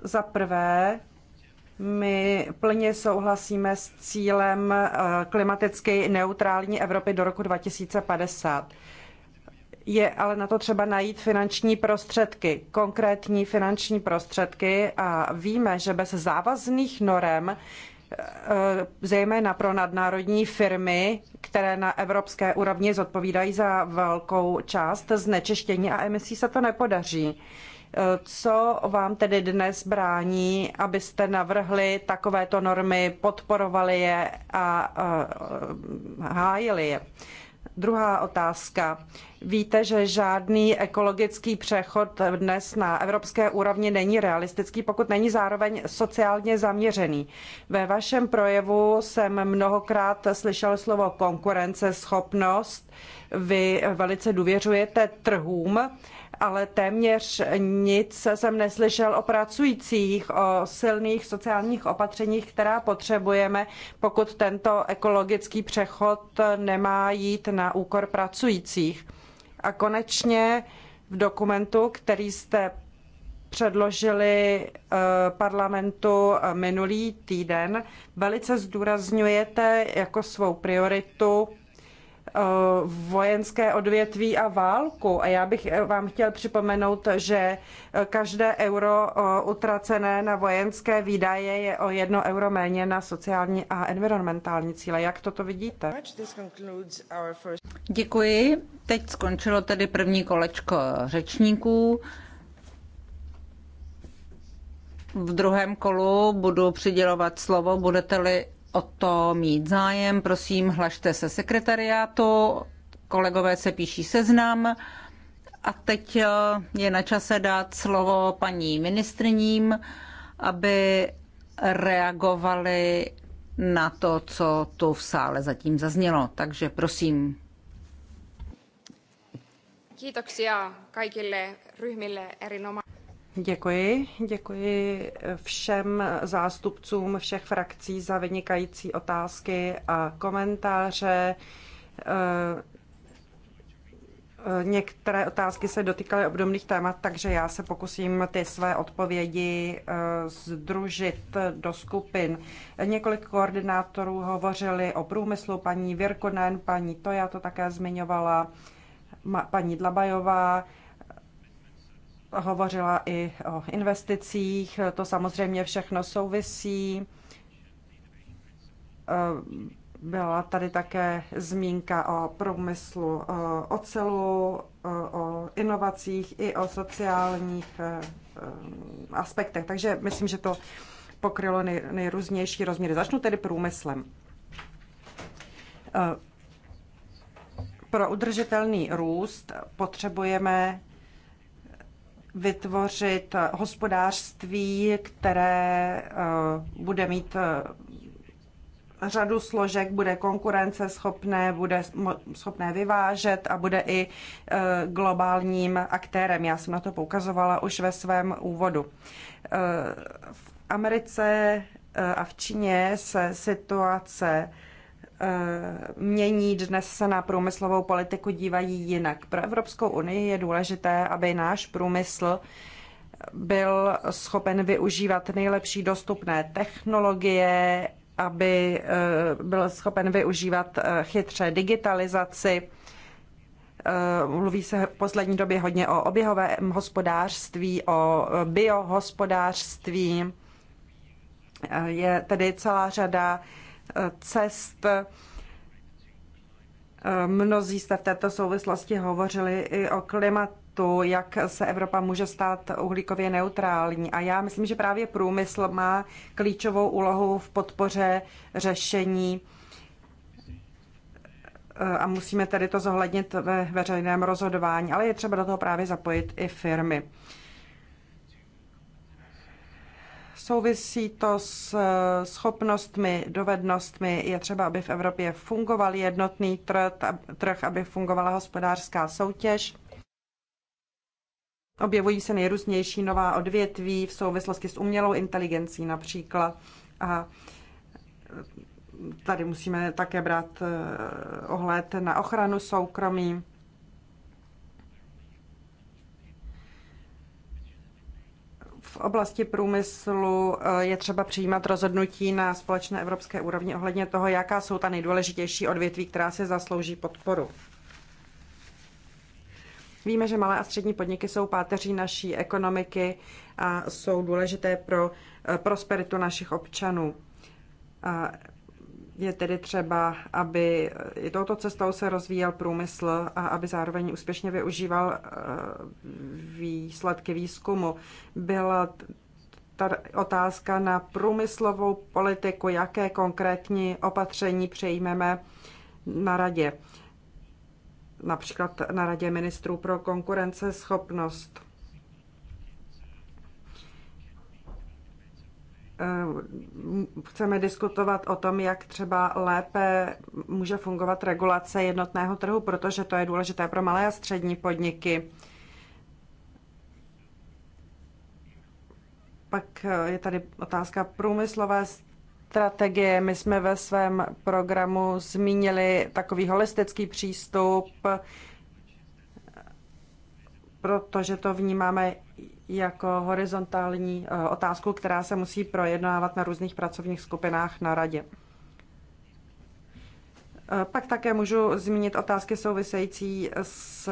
[SPEAKER 2] Za prvé, my plně souhlasíme s cílem eh, klimaticky neutrální Evropy do roku 2050. Je ale na to třeba najít finanční prostředky, konkrétní finanční prostředky a víme, že bez závazných norem eh, zejména pro nadnárodní firmy, které na evropské úrovni zodpovídají za velkou část znečištění a emisí se to nepodaří. Co vám tedy dnes brání, abyste navrhli takovéto normy, podporovali je a eh, hájili je? Druhá otázka. Víte, že žádný ekologický přechod dnes na evropské úrovni není realistický, pokud není zároveň sociálně zaměřený. Ve vašem projevu jsem mnohokrát slyšel slovo konkurenceschopnost. Vy velice důvěřujete trhům ale téměř nic jsem neslyšel o pracujících, o silných sociálních opatřeních, která potřebujeme, pokud tento ekologický přechod nemá jít na úkor pracujících. A konečně v dokumentu, který jste předložili eh, parlamentu eh, minulý týden, velice zdůrazňujete jako svou prioritu Eh, vojenské odvětví a válku. A já bych eh, vám chtěl připomenout, že eh, každé euro utracené na vojenské výdaje je o jedno euro méně na sociální a environmentální cíle. Jak toto vidíte? Děkuji. Teď skončilo tedy první kolečko řečníků.
[SPEAKER 3] V druhém kolu budu přidělovat slovo, budete-li o to mít zájem, prosím, hlašte se sekretariátu, kolegové se píší seznam. A teď eh, je na čase dát slovo paní ministrním, aby reagovali na to, co tu v sále zatím zaznělo. Takže prosím.
[SPEAKER 1] Kiitoksia kaikille ryhmille erinomaisesti.
[SPEAKER 2] Děkuji. Děkuji všem zástupcům všech frakcí za vynikající otázky a komentáře. Eh, některé otázky se dotýkaly obdobných témat, takže já se pokusím ty své odpovědi eh, združit do skupin. Několik koordinátorů hovořili o průmyslu, paní Virkonen, paní Toja to také zmiňovala, paní Dlabajová hovořila i o investicích, to samozřejmě všechno souvisí. Eh, byla tady také zmínka o průmyslu o ocelu, o inovacích i o sociálních eh, eh, aspektech. Takže myslím, že to pokrylo nej, nejrůznější rozměry. Začnu tedy průmyslem. Pro udržitelný růst potřebujeme vytvořit hospodářství, které eh, bude mít eh, řadu složek, bude konkurenceschopné, bude schopné vyvážet a bude i eh, globálním aktérem. Já jsem na to poukazovala už ve svém úvodu. V Americe a v Číně se situace Eh, mění dnes se na průmyslovou politiku dívají jinak. Pro Evropskou unii je důležité, aby náš průmysl byl schopen využívat nejlepší dostupné technologie, aby eh, byl schopen využívat eh, chytře digitalizaci. Mluví se v poslední době hodně o oběhovém hospodářství, o biohospodářství. Je tedy celá řada cest. Mnozí jste v této souvislosti hovořili i o klimatu, jak se Evropa může stát uhlíkově neutrální. A já myslím, že právě průmysl má klíčovou úlohu v podpoře řešení a musíme tedy to zohlednit ve veřejném rozhodování, ale je třeba do toho právě zapojit i firmy. Souvisí to s eh, schopnostmi, dovednostmi. Je třeba, aby v Evropě fungoval jednotný trh, aby fungovala hospodářská soutěž. Objevují se nejrůznější nová odvětví v souvislosti s umělou inteligencí například. A eh, tady musíme také brát eh, ohled na ochranu soukromí. v oblasti průmyslu eh, je třeba přijímat rozhodnutí na společné evropské úrovni ohledně toho, jaká jsou ta nejdůležitější odvětví, která se zaslouží podporu. Víme, že malé a střední podniky jsou páteří naší ekonomiky a jsou důležité pro eh, prosperitu našich občanů. Eh, je tedy třeba, aby i touto cestou se rozvíjel průmysl a aby zároveň úspěšně využíval eh, výsledky výzkumu. Byla ta otázka na průmyslovou politiku, jaké konkrétní opatření přejmeme na radě, například na radě ministrů pro konkurenceschopnost. Eh, chceme diskutovat o tom, jak třeba lépe může fungovat regulace jednotného trhu, protože to je důležité pro malé a střední podniky. Pak eh, je tady otázka průmyslové strategie. My jsme ve svém programu zmínili takový holistický přístup, protože to vnímáme jako horizontální eh, otázku, která se musí projednávat na různých pracovních skupinách na radě. Eh, pak také můžu zmínit otázky související s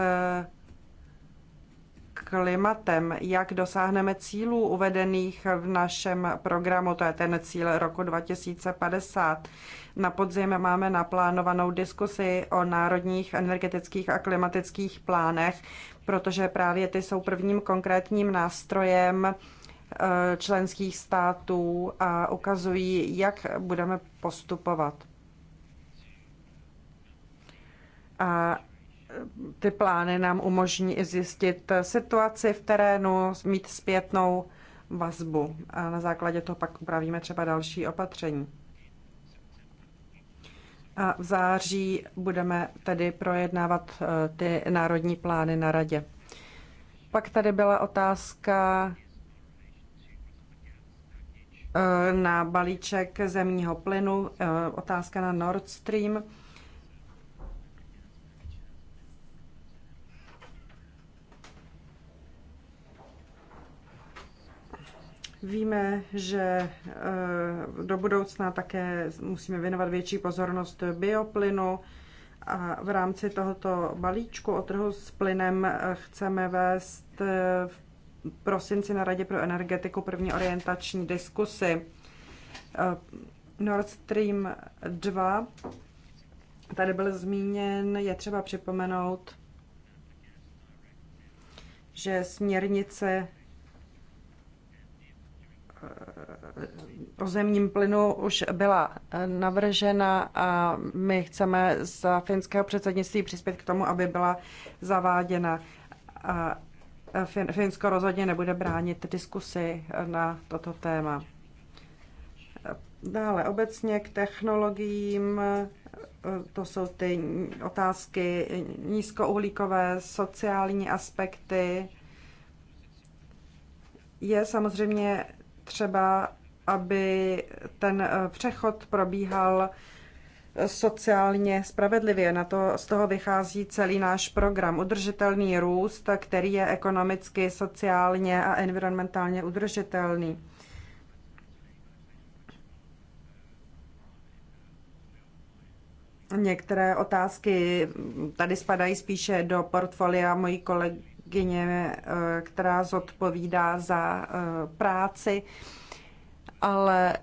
[SPEAKER 2] klimatem, jak dosáhneme cílů uvedených v našem programu, to je ten cíl roku 2050. Na podzim máme naplánovanou diskusi o národních energetických a klimatických plánech, protože právě ty jsou prvním konkrétním nástrojem eh, členských států a ukazují, jak budeme postupovat. A eh, ty plány nám umožní i zjistit situaci v terénu, mít zpětnou vazbu a na základě toho pak upravíme třeba další opatření. A v září budeme tedy projednávat eh, ty národní plány na radě. Pak tady byla otázka eh, na balíček zemního plynu, eh, otázka na Nord Stream. Víme, že eh, do budoucna také musíme věnovat větší pozornost bioplynu a v rámci tohoto balíčku o trhu s plynem eh, chceme vést eh, v prosinci na Radě pro energetiku první orientační diskusy. Nord Stream 2 tady byl zmíněn, je třeba připomenout, že směrnice Eh, o zemním plynu už byla eh, navržena a my chceme za finského předsednictví přispět k tomu, aby byla zaváděna. A eh, Finsko rozhodně nebude bránit diskusy na toto téma. Dále obecně k technologiím, to jsou ty otázky nízkouhlíkové, sociální aspekty. Je samozřejmě třeba, aby ten eh, přechod probíhal eh, sociálně spravedlivě. Na to, z toho vychází celý náš program. Udržitelný růst, který je ekonomicky, sociálně a environmentálně udržitelný. Některé otázky tady spadají spíše do portfolia mojí kolegy kyně, eh, která zodpovídá za eh, práci, ale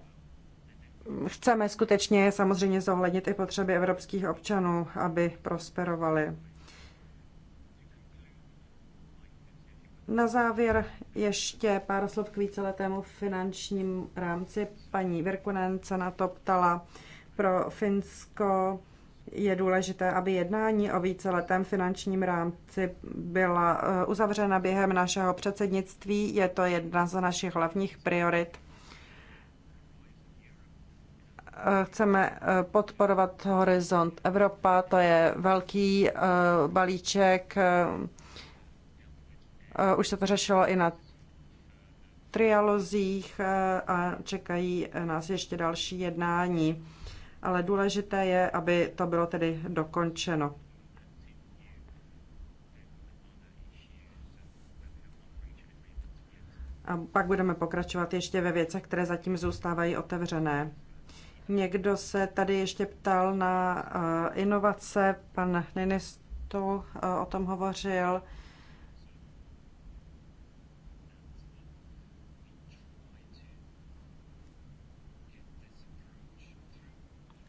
[SPEAKER 2] chceme skutečně samozřejmě zohlednit i potřeby evropských občanů, aby prosperovali. Na závěr ještě pár slov k víceletému finančním rámci. Paní Virkunen se na to ptala pro Finsko je důležité, aby jednání o víceletém finančním rámci byla eh, uzavřena během našeho předsednictví. Je to jedna z našich hlavních priorit. Eh, chceme eh, podporovat Horizont Evropa, to je velký balíček. Už se to řešilo i na trialozích a čekají nás ještě další jednání ale důležité je, aby to bylo tedy dokončeno. A pak budeme pokračovat ještě ve věcech, které zatím zůstávají otevřené. Někdo se tady ještě ptal na eh, inovace, pan ministr eh, o tom hovořil.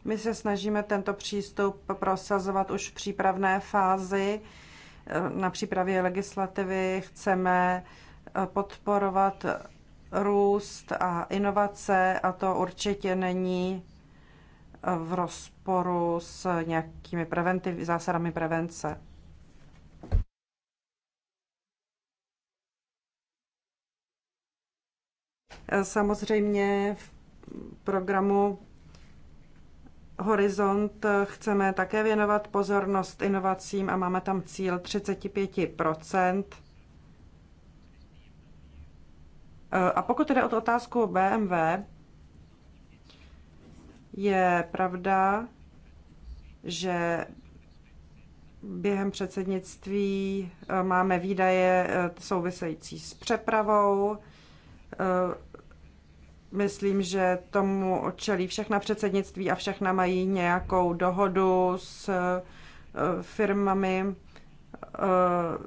[SPEAKER 2] My se snažíme tento přístup prosazovat už v přípravné fázi. Na přípravě legislativy chceme podporovat růst a inovace a to určitě není v rozporu s nějakými preventiv, zásadami prevence. Samozřejmě v programu horizont eh, chceme také věnovat pozornost inovacím a máme tam cíl 35 eh, A pokud jde o tu otázku BMW, je pravda, že během předsednictví eh, máme výdaje související s přepravou, Myslím, že tomu čelí všechna předsednictví a všechna mají nějakou dohodu s eh, firmami. Eh,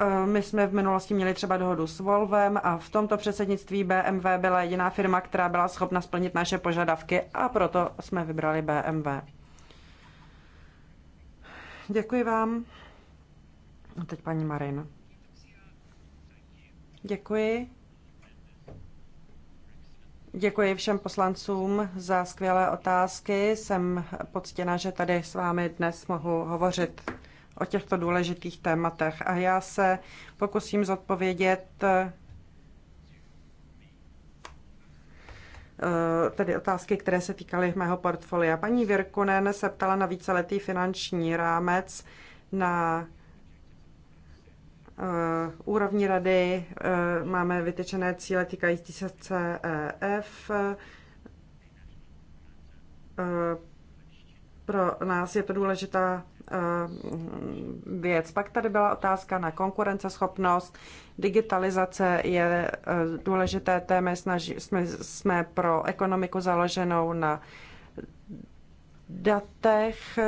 [SPEAKER 2] eh, my jsme v minulosti měli třeba dohodu s Volvem a v tomto předsednictví BMW byla jediná firma, která byla schopna splnit naše požadavky a proto jsme vybrali BMW. Děkuji vám. A teď paní Marina. Děkuji. Děkuji všem poslancům za skvělé otázky. Jsem poctěna, že tady s vámi dnes mohu hovořit o těchto důležitých tématech. A já se pokusím zodpovědět eh, tedy otázky, které se týkaly mého portfolia. Paní Virkunen se ptala na víceletý finanční rámec, na Eh, úrovni rady eh, máme vytečené cíle týkající se CEF. Eh, pro nás je to důležitá věc. Pak tady byla otázka na konkurenceschopnost. Digitalizace je důležité téma. jsme, jsme pro ekonomiku založenou na datech.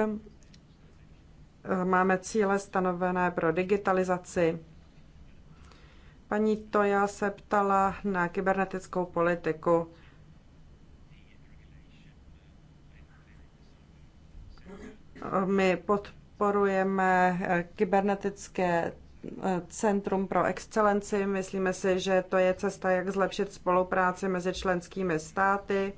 [SPEAKER 2] Máme cíle stanovené pro digitalizaci. Paní Toja se ptala na kybernetickou politiku. My podporujeme kybernetické eh, Centrum pro excelenci. Myslíme si, že to je cesta, jak zlepšit spolupráci mezi členskými státy.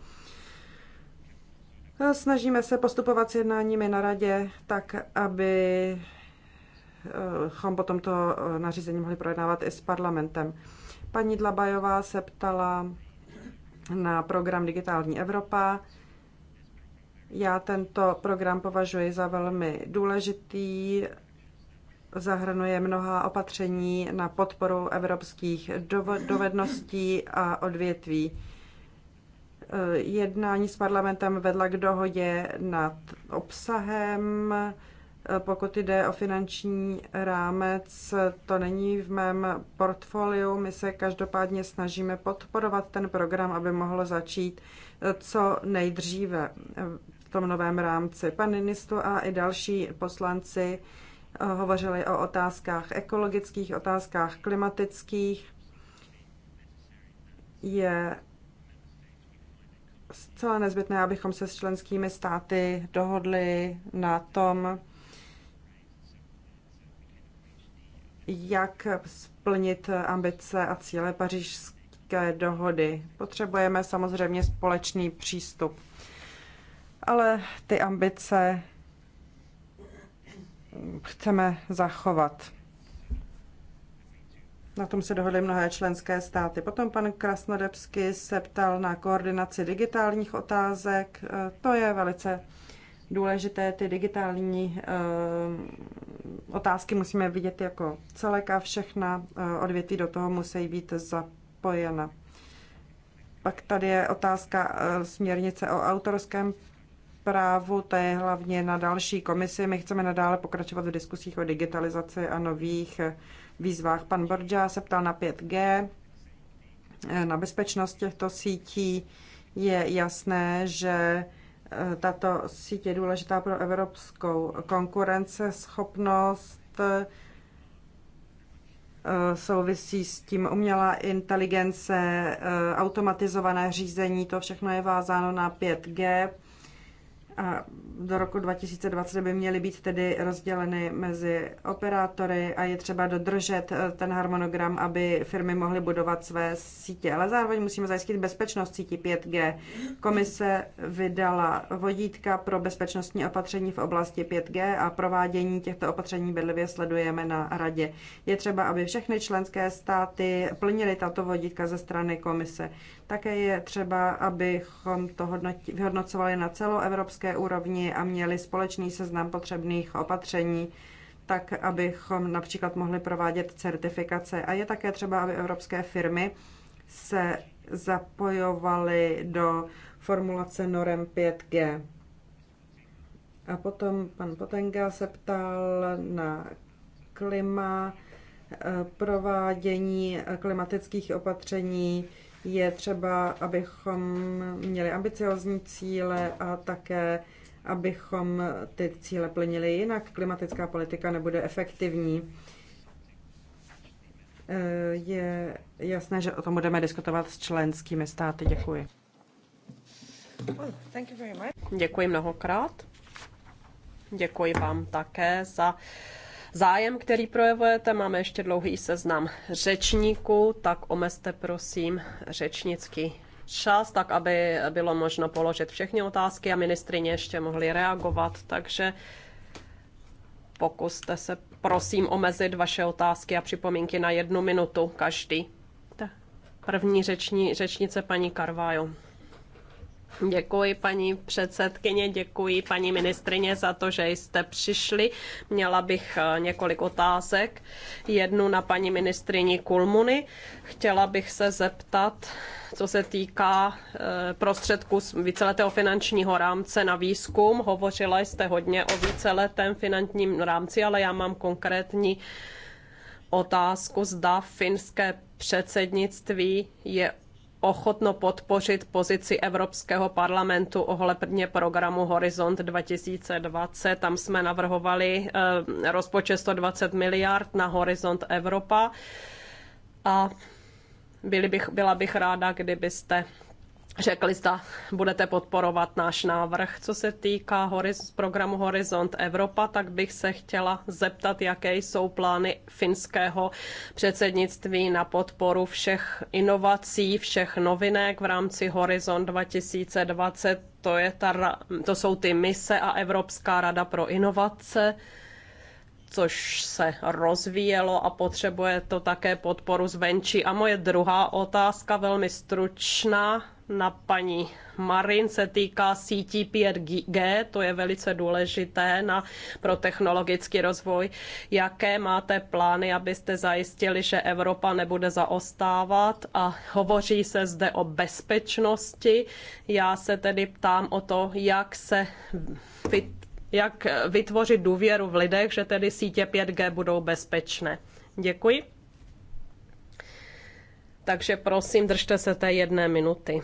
[SPEAKER 2] Snažíme se postupovat s jednáními na radě tak, aby eh, chom potom to eh, nařízení mohli projednávat i s parlamentem. Paní Dlabajová se ptala na program Digitální Evropa. Já tento program považuji za velmi důležitý. Zahrnuje mnoha opatření na podporu evropských dovedností a odvětví. Eh, jednání s parlamentem vedla k dohodě nad obsahem. Eh, pokud jde o finanční rámec, to není v mém portfoliu. My se každopádně snažíme podporovat ten program, aby mohl začít eh, co nejdříve v tom novém rámci. Pan Ninistu a i další poslanci hovořili o otázkách ekologických, otázkách klimatických. Je zcela nezbytné, abychom se s členskými státy dohodli na tom, jak splnit ambice a cíle pařížské dohody. Potřebujeme samozřejmě společný přístup, ale ty ambice chceme zachovat. Na tom se dohodly mnohé členské státy. Potom pan Krasnodebsky se ptal na koordinaci digitálních otázek. E, to je velice důležité. Ty digitální e, otázky musíme vidět jako celek a všechna e, odvětví do toho musí být zapojena. Pak tady je otázka směrnice o autorském právu, to je hlavně na další komisi. My chceme nadále pokračovat v diskusích o digitalizaci a nových výzvách. Pan Borja se ptal na 5G, eh, na bezpečnost těchto sítí. Je jasné, že eh, tato síť je důležitá pro evropskou konkurenceschopnost. Eh, souvisí s tím umělá inteligence, automatizované řízení, to všechno je vázáno na 5G a do roku 2020 by měly být tedy rozděleny mezi operátory a je třeba dodržet eh, ten harmonogram, aby firmy mohly budovat své sítě. Ale zároveň musíme zajistit bezpečnost sítí 5G. Komise vydala vodítka pro bezpečnostní opatření v oblasti 5G a provádění těchto opatření bedlivě sledujeme na radě. Je třeba, aby všechny členské státy plnily tato vodítka ze strany komise. Také je třeba, abychom to vyhodnocovali na celoevropské úrovni a měli společný seznam potřebných opatření, tak abychom například mohli provádět certifikace. A je také třeba, aby evropské firmy se zapojovaly do formulace norem 5G. A potom pan Potenga se ptal na klima, eh, provádění klimatických opatření, je třeba, abychom měli ambiciozní cíle a také, abychom ty cíle plnili jinak. Klimatická politika nebude efektivní. Eh, je jasné, že o tom budeme diskutovat s členskými
[SPEAKER 1] státy. Děkuji. Děkuji mnohokrát. Děkuji vám také za zájem, který projevujete. Máme ještě dlouhý seznam řečníků, tak omezte prosím řečnický čas, tak aby bylo možno položit všechny otázky a ministrině ještě mohly reagovat. Takže pokuste se prosím omezit vaše otázky a připomínky na jednu minutu každý. První řeční, řečnice paní Karvájo. Děkuji paní předsedkyně, děkuji paní ministrině za to, že jste přišli. Měla bych eh, několik otázek. Jednu na paní ministrině Kulmuny. Chtěla bych se zeptat, co se týká eh, prostředků z víceletého finančního rámce na výzkum. Hovořila jste hodně o víceletém finančním rámci, ale já mám konkrétní otázku, zda finské předsednictví je ochotno podpořit pozici Evropského parlamentu ohledně programu Horizont 2020. Tam jsme navrhovali eh, rozpočet 120 miliard na Horizont Evropa a byli bych, byla bych ráda, kdybyste řekli, zda budete podporovat náš návrh. Co se týká programu Horizont Evropa, tak bych se chtěla zeptat, jaké jsou plány finského předsednictví na podporu všech inovací, všech novinek v rámci Horizont 2020. To, je ta, to jsou ty mise a Evropská rada pro inovace což se rozvíjelo a potřebuje to také podporu zvenčí. A moje druhá otázka, velmi stručná, na paní Marin se týká sítí 5G, to je velice důležité na, pro technologický rozvoj. Jaké máte plány, abyste zajistili, že Evropa nebude zaostávat a hovoří se zde o bezpečnosti. Já se tedy ptám o to, jak se jak vytvořit důvěru v lidech, že tedy sítě 5G budou bezpečné. Děkuji. Takže prosím, držte se té jedné minuty.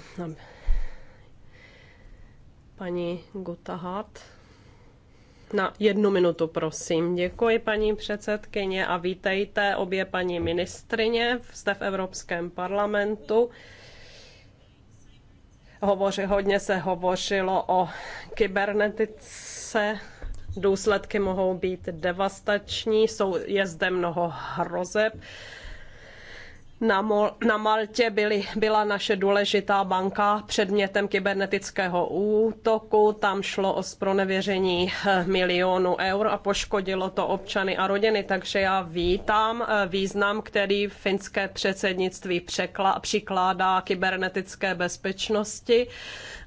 [SPEAKER 1] Paní Gutahat. Na jednu minutu, prosím. Děkuji, paní předsedkyně, a vítejte obě paní ministrině. Jste v Evropském parlamentu. Hovoři, hodně se hovořilo o kybernetice migrace důsledky mohou být devastační, jsou, je zde mnoho hrozeb. Na, Mol, na Maltě byly, byla naše důležitá banka předmětem kybernetického útoku. Tam šlo o spronevěření eh, milionů eur a poškodilo to občany a rodiny. Takže já vítám eh, význam, který finské předsednictví překla, přikládá kybernetické bezpečnosti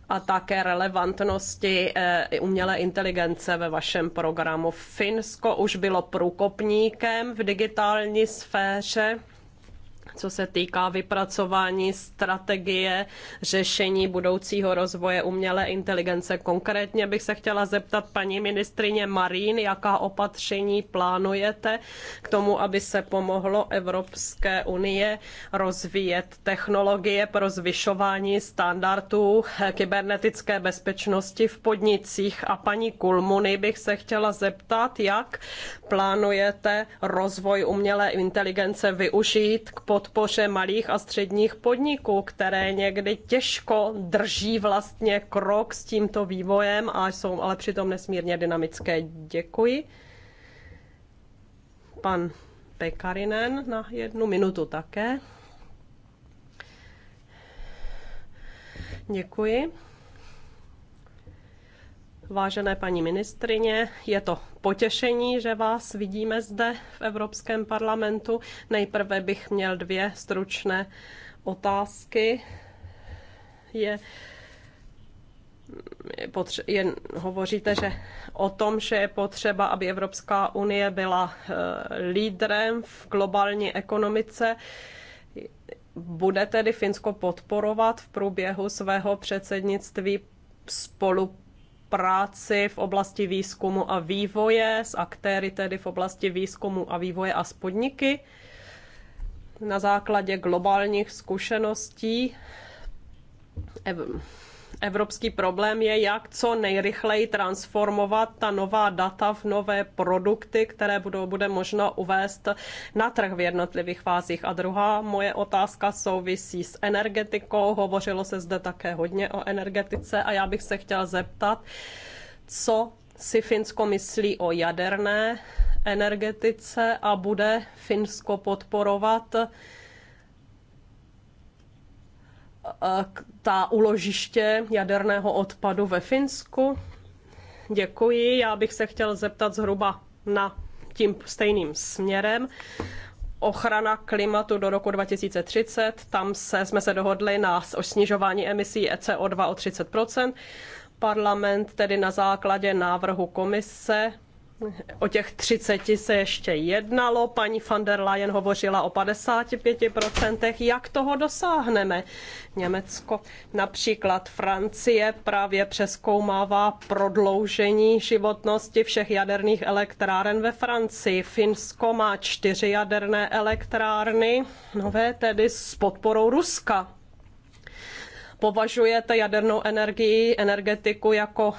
[SPEAKER 1] a také relevantnosti eh, umělé inteligence ve vašem programu. Finsko už bylo průkopníkem v digitální sféře co se týká vypracování strategie řešení budoucího rozvoje umělé inteligence. Konkrétně bych se chtěla zeptat paní ministrině Marín, jaká opatření plánujete k tomu, aby se pomohlo Evropské unie rozvíjet technologie pro zvyšování standardů kybernetické bezpečnosti v podnicích. A paní Kulmuny bych se chtěla zeptat, jak plánujete rozvoj umělé inteligence využít k podpoře podpoře malých a středních podniků, které někdy těžko drží vlastně krok s tímto vývojem a jsou ale přitom nesmírně dynamické. Děkuji. Pan Pekarinen na jednu minutu také. Děkuji. Vážené paní ministrině, je to potěšení, že vás vidíme zde v Evropském parlamentu. Nejprve bych měl dvě stručné otázky. Je, potře- je, hovoříte, že o tom, že je potřeba, aby Evropská unie byla e, lídrem v globální ekonomice. Bude tedy Finsko podporovat v průběhu svého předsednictví spolu práci v oblasti výzkumu a vývoje, s aktéry tedy v oblasti výzkumu a vývoje a spodniky na základě globálních zkušeností evropský problém je, jak co nejrychleji transformovat ta nová data v nové produkty, které budou, bude možno uvést na trh v jednotlivých fázích. A druhá moje otázka souvisí s energetikou. Hovořilo se zde také hodně o energetice a já bych se chtěla zeptat, co si Finsko myslí o jaderné energetice a bude Finsko podporovat ta uložiště jaderného odpadu ve Finsku. Děkuji. Já bych se chtěl zeptat zhruba na tím stejným směrem. Ochrana klimatu do roku 2030, tam se, jsme se dohodli na snižování emisí e CO2 o 30 Parlament tedy na základě návrhu komise O těch 30 se ještě jednalo, paní van der Leyen hovořila o 55%. Jak toho dosáhneme? Německo, například Francie právě přeskoumává prodloužení životnosti všech jaderných elektráren ve Francii. Finsko má čtyři jaderné elektrárny, nové tedy s podporou Ruska považujete jadernou energii, energetiku jako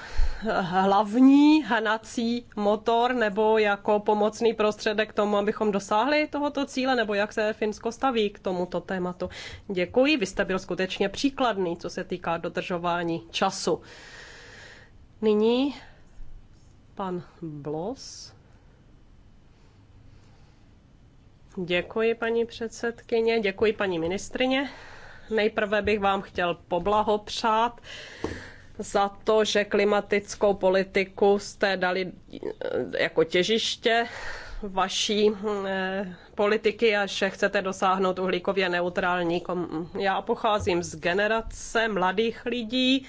[SPEAKER 1] hlavní hnací motor nebo jako pomocný prostředek k tomu, abychom dosáhli tohoto cíle, nebo jak se Finsko staví k tomuto tématu. Děkuji, vy jste byl skutečně příkladný, co se týká dodržování času. Nyní pan Blos. Děkuji, paní předsedkyně, děkuji, paní ministrině. Nejprve bych vám chtěl poblahopřát za to, že klimatickou politiku jste dali eh, jako těžiště vaší eh, politiky a že chcete dosáhnout uhlíkově neutrální. Já pocházím z generace mladých lidí,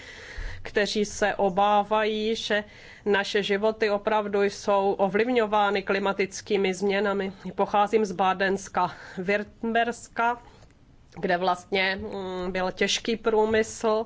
[SPEAKER 1] kteří se obávají, že naše životy opravdu jsou ovlivňovány klimatickými změnami. Pocházím z Bádenska, Wirtemberska, kde vlastně mm, byl těžký průmysl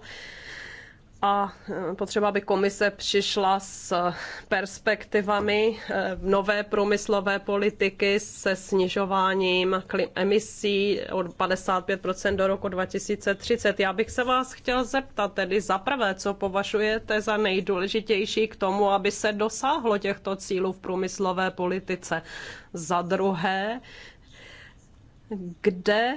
[SPEAKER 1] a e, potřeba, aby komise přišla s perspektivami e, nové průmyslové politiky se snižováním emisí od 55% do roku 2030. Já bych se vás chtěl zeptat tedy za prvé, co považujete za nejdůležitější k tomu, aby se dosáhlo těchto cílů v průmyslové politice. Za druhé, kde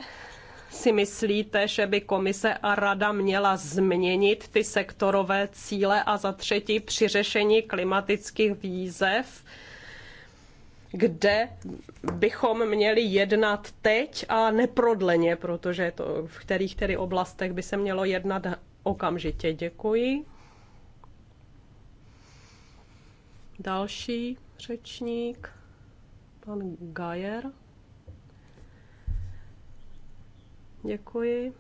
[SPEAKER 1] si myslíte, že by komise a rada měla změnit ty sektorové cíle a za třetí při řešení klimatických výzev, kde bychom měli jednat teď a neprodleně, protože to v kterých tedy oblastech by se mělo jednat okamžitě. Děkuji. Další řečník, pan Gajer. Děkuji.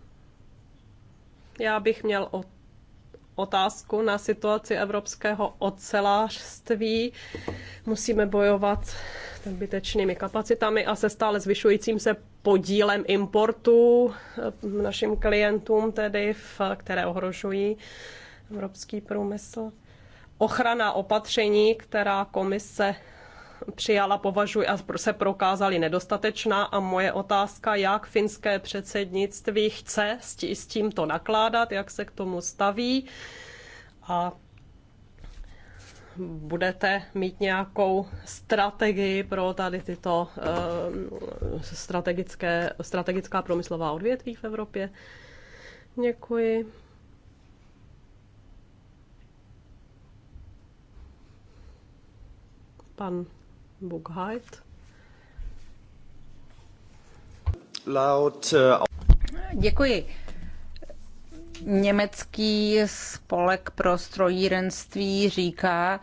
[SPEAKER 1] Já bych měl otázku na situaci evropského ocelářství. Musíme bojovat s zbytečnými kapacitami a se stále zvyšujícím se podílem importu eh, našim klientům, tedy, v, které ohrožují evropský průmysl. Ochrana opatření, která komise přijala, považuji a se prokázaly nedostatečná a moje otázka, jak finské předsednictví chce s tímto nakládat, jak se k tomu staví a budete mít nějakou strategii pro tady tyto eh, strategické, strategická promyslová odvětví v Evropě. Děkuji. Pan Buchheit.
[SPEAKER 2] Laut, eh,
[SPEAKER 1] Děkuji.
[SPEAKER 3] Německý spolek pro strojírenství říká,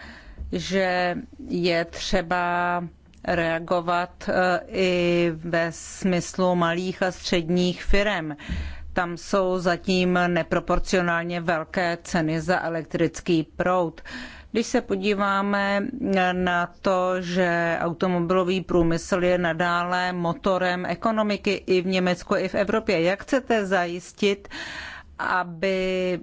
[SPEAKER 3] že je třeba reagovat eh, i ve smyslu malých a středních firem. Tam jsou zatím neproporcionálně velké ceny za elektrický proud. Když se podíváme na to, že automobilový průmysl je nadále motorem ekonomiky i v Německu, i v Evropě, jak chcete zajistit, aby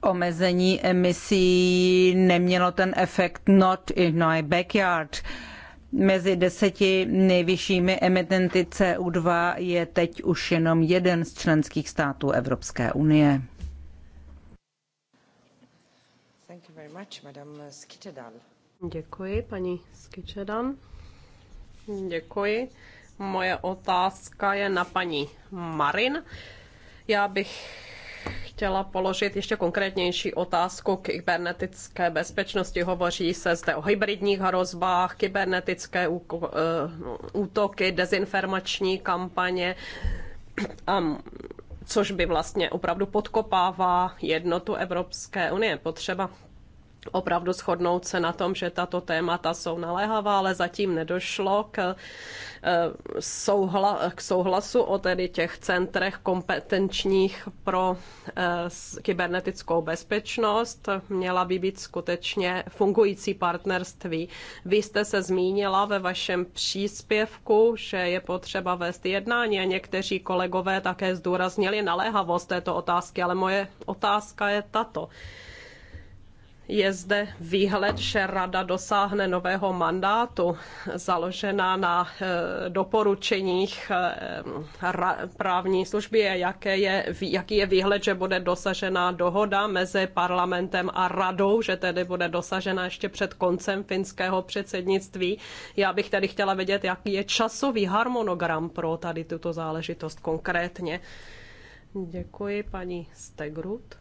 [SPEAKER 3] omezení emisí nemělo ten efekt not in my backyard? Mezi deseti nejvyššími emitenty CO2 je teď už jenom jeden z členských států Evropské unie.
[SPEAKER 2] much, Skitedal.
[SPEAKER 1] Děkuji, paní Skičedan. Děkuji. Moje otázka je na paní Marin. Já bych chtěla položit ještě konkrétnější otázku k kybernetické bezpečnosti. Hovoří se zde o hybridních hrozbách, kybernetické eh, útoky, dezinformační kampaně, což by vlastně opravdu podkopává jednotu Evropské unie. Potřeba opravdu shodnout se na tom, že tato témata jsou naléhavá, ale zatím nedošlo k, eh, souhla, k souhlasu o tedy těch centrech kompetenčních pro eh, kybernetickou bezpečnost. Měla by být skutečně fungující partnerství. Vy jste se zmínila ve vašem příspěvku, že je potřeba vést jednání a někteří kolegové také zdůraznili naléhavost této otázky, ale moje otázka je tato je zde výhled, že rada dosáhne nového mandátu založená na eh, doporučeních eh, právní služby, jaké je, jaký je výhled, že bude dosažena dohoda mezi parlamentem a radou, že tedy bude dosažena ještě před koncem finského předsednictví. Já bych tedy chtěla vědět, jaký je časový harmonogram pro tady tuto záležitost konkrétně. Děkuji paní Stegrut.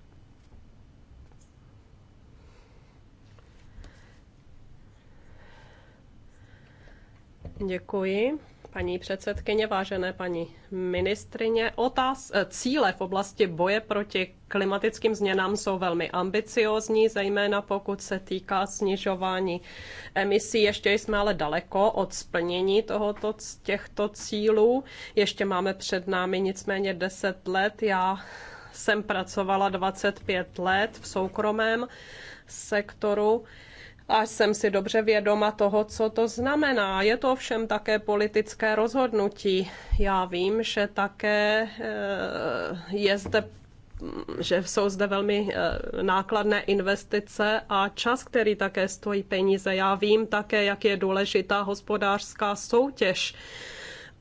[SPEAKER 1] Děkuji. Paní předsedkyně, vážené paní ministrině, otáz, eh, cíle v oblasti boje proti klimatickým změnám jsou velmi ambiciózní, zejména pokud se týká snižování emisí. Ještě jsme ale daleko od splnění tohoto, těchto cílů. Ještě máme před námi nicméně 10 let. Já jsem pracovala 25 let v soukromém sektoru a jsem si dobře vědoma toho, co to znamená. Je to ovšem také politické rozhodnutí. Já vím, že také eh, je zde že jsou zde velmi eh, nákladné investice a čas, který také stojí peníze. Já vím také, jak je důležitá hospodářská soutěž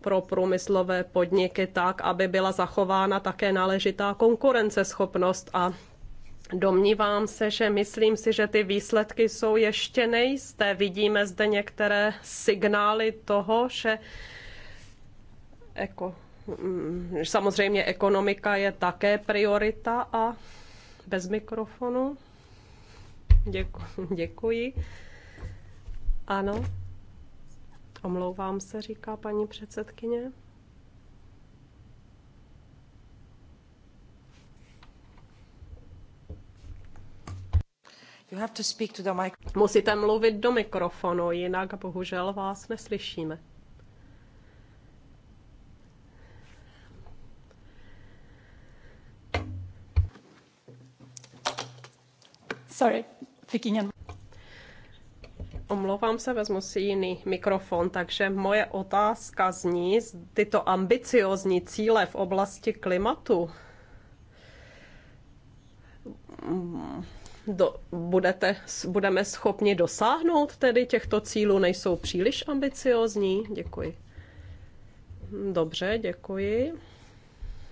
[SPEAKER 1] pro průmyslové podniky tak, aby byla zachována také náležitá konkurenceschopnost a Domnívám se, že myslím si, že ty výsledky jsou ještě nejisté. Vidíme zde některé signály toho, že jako, samozřejmě ekonomika je také priorita a bez mikrofonu. Děku, děkuji. Ano. Omlouvám se, říká paní předsedkyně. Musíte mluvit do mikrofonu, jinak bohužel vás neslyšíme. Sorry, picking in. Omlouvám se, vezmu si jiný mikrofon, takže moje otázka zní, tyto ambiciozní cíle v oblasti klimatu do, budete, budeme schopni dosáhnout tedy těchto cílů? Nejsou příliš ambiciozní? Děkuji. Dobře, děkuji.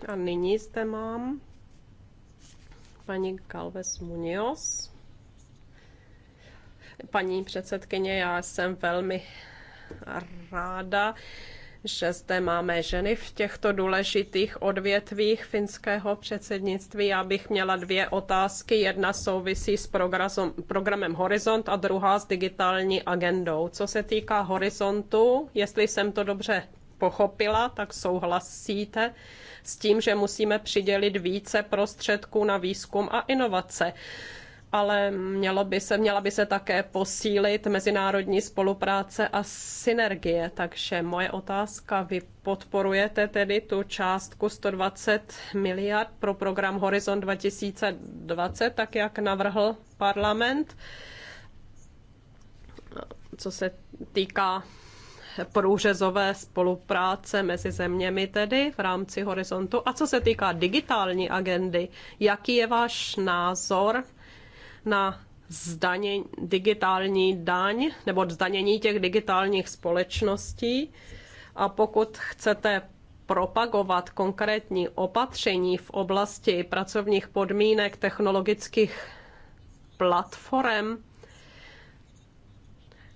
[SPEAKER 1] A nyní zde mám paní Galvez Munoz. Paní předsedkyně, já jsem velmi ráda, že zde máme ženy v těchto důležitých odvětvích finského předsednictví. Já bych měla dvě otázky. Jedna souvisí s programem Horizont a druhá s digitální agendou. Co se týká Horizontu, jestli jsem to dobře pochopila, tak souhlasíte s tím, že musíme přidělit více prostředků na výzkum a inovace ale mělo by se, měla by se také posílit mezinárodní spolupráce a synergie. Takže moje otázka, vy podporujete tedy tu částku 120 miliard pro program Horizon 2020, tak jak navrhl parlament, co se týká průřezové spolupráce mezi zeměmi tedy v rámci horizontu. A co se týká digitální agendy, jaký je váš názor na zdanění, digitální daň nebo zdanění těch digitálních společností. A pokud chcete propagovat konkrétní opatření v oblasti pracovních podmínek technologických platform,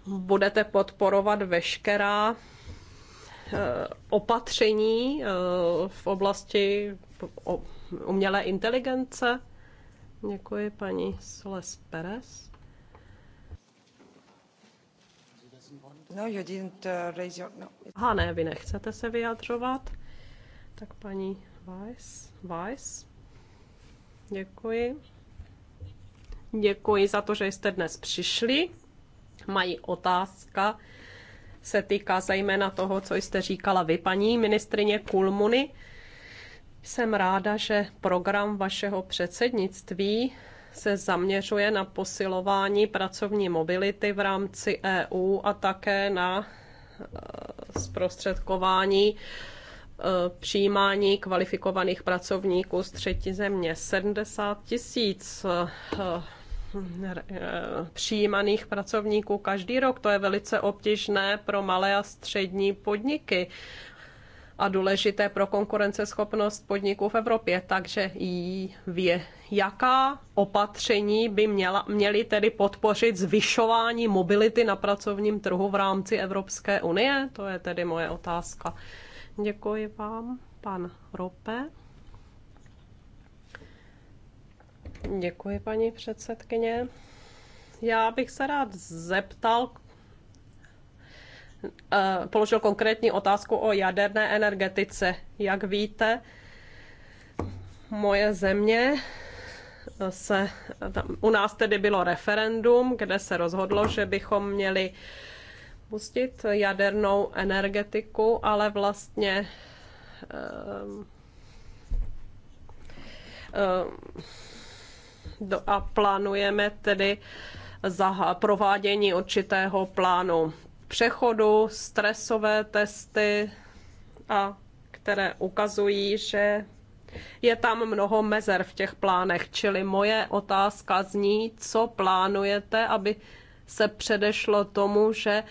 [SPEAKER 1] budete podporovat veškerá eh, opatření eh, v oblasti umělé inteligence? Děkuji paní Soles Perez. No, you didn't uh, raise your... No. Aha, ne, vy nechcete se vyjadřovat. Tak paní Weiss, Weiss, děkuji. Děkuji za to, že jste dnes přišli. Mají otázka se týká zejména toho, co jste říkala vy, paní ministrině Kulmuny. Jsem ráda, že program vašeho předsednictví se zaměřuje na posilování pracovní mobility v rámci EU a také na eh, zprostředkování eh, přijímání kvalifikovaných pracovníků z třetí země. 70 tisíc eh, přijímaných pracovníků každý rok. To je velice obtížné pro malé a střední podniky a důležité pro konkurenceschopnost podniků v Evropě. Takže vě, jaká opatření by měla, měly tedy podpořit zvyšování mobility na pracovním trhu v rámci Evropské unie? To je tedy moje otázka. Děkuji vám, pan Rope. Děkuji, paní předsedkyně. Já bych se rád zeptal Eh, položil konkrétní otázku o jaderné energetice. Jak víte, moje země eh, se, eh, tam, u nás tedy bylo referendum, kde se rozhodlo, že bychom měli pustit jadernou energetiku, ale vlastně um, um, a plánujeme tedy za provádění určitého plánu přechodu, stresové testy, a které ukazují, že je tam mnoho mezer v těch plánech, čili moje otázka zní, co plánujete, aby se předešlo tomu, že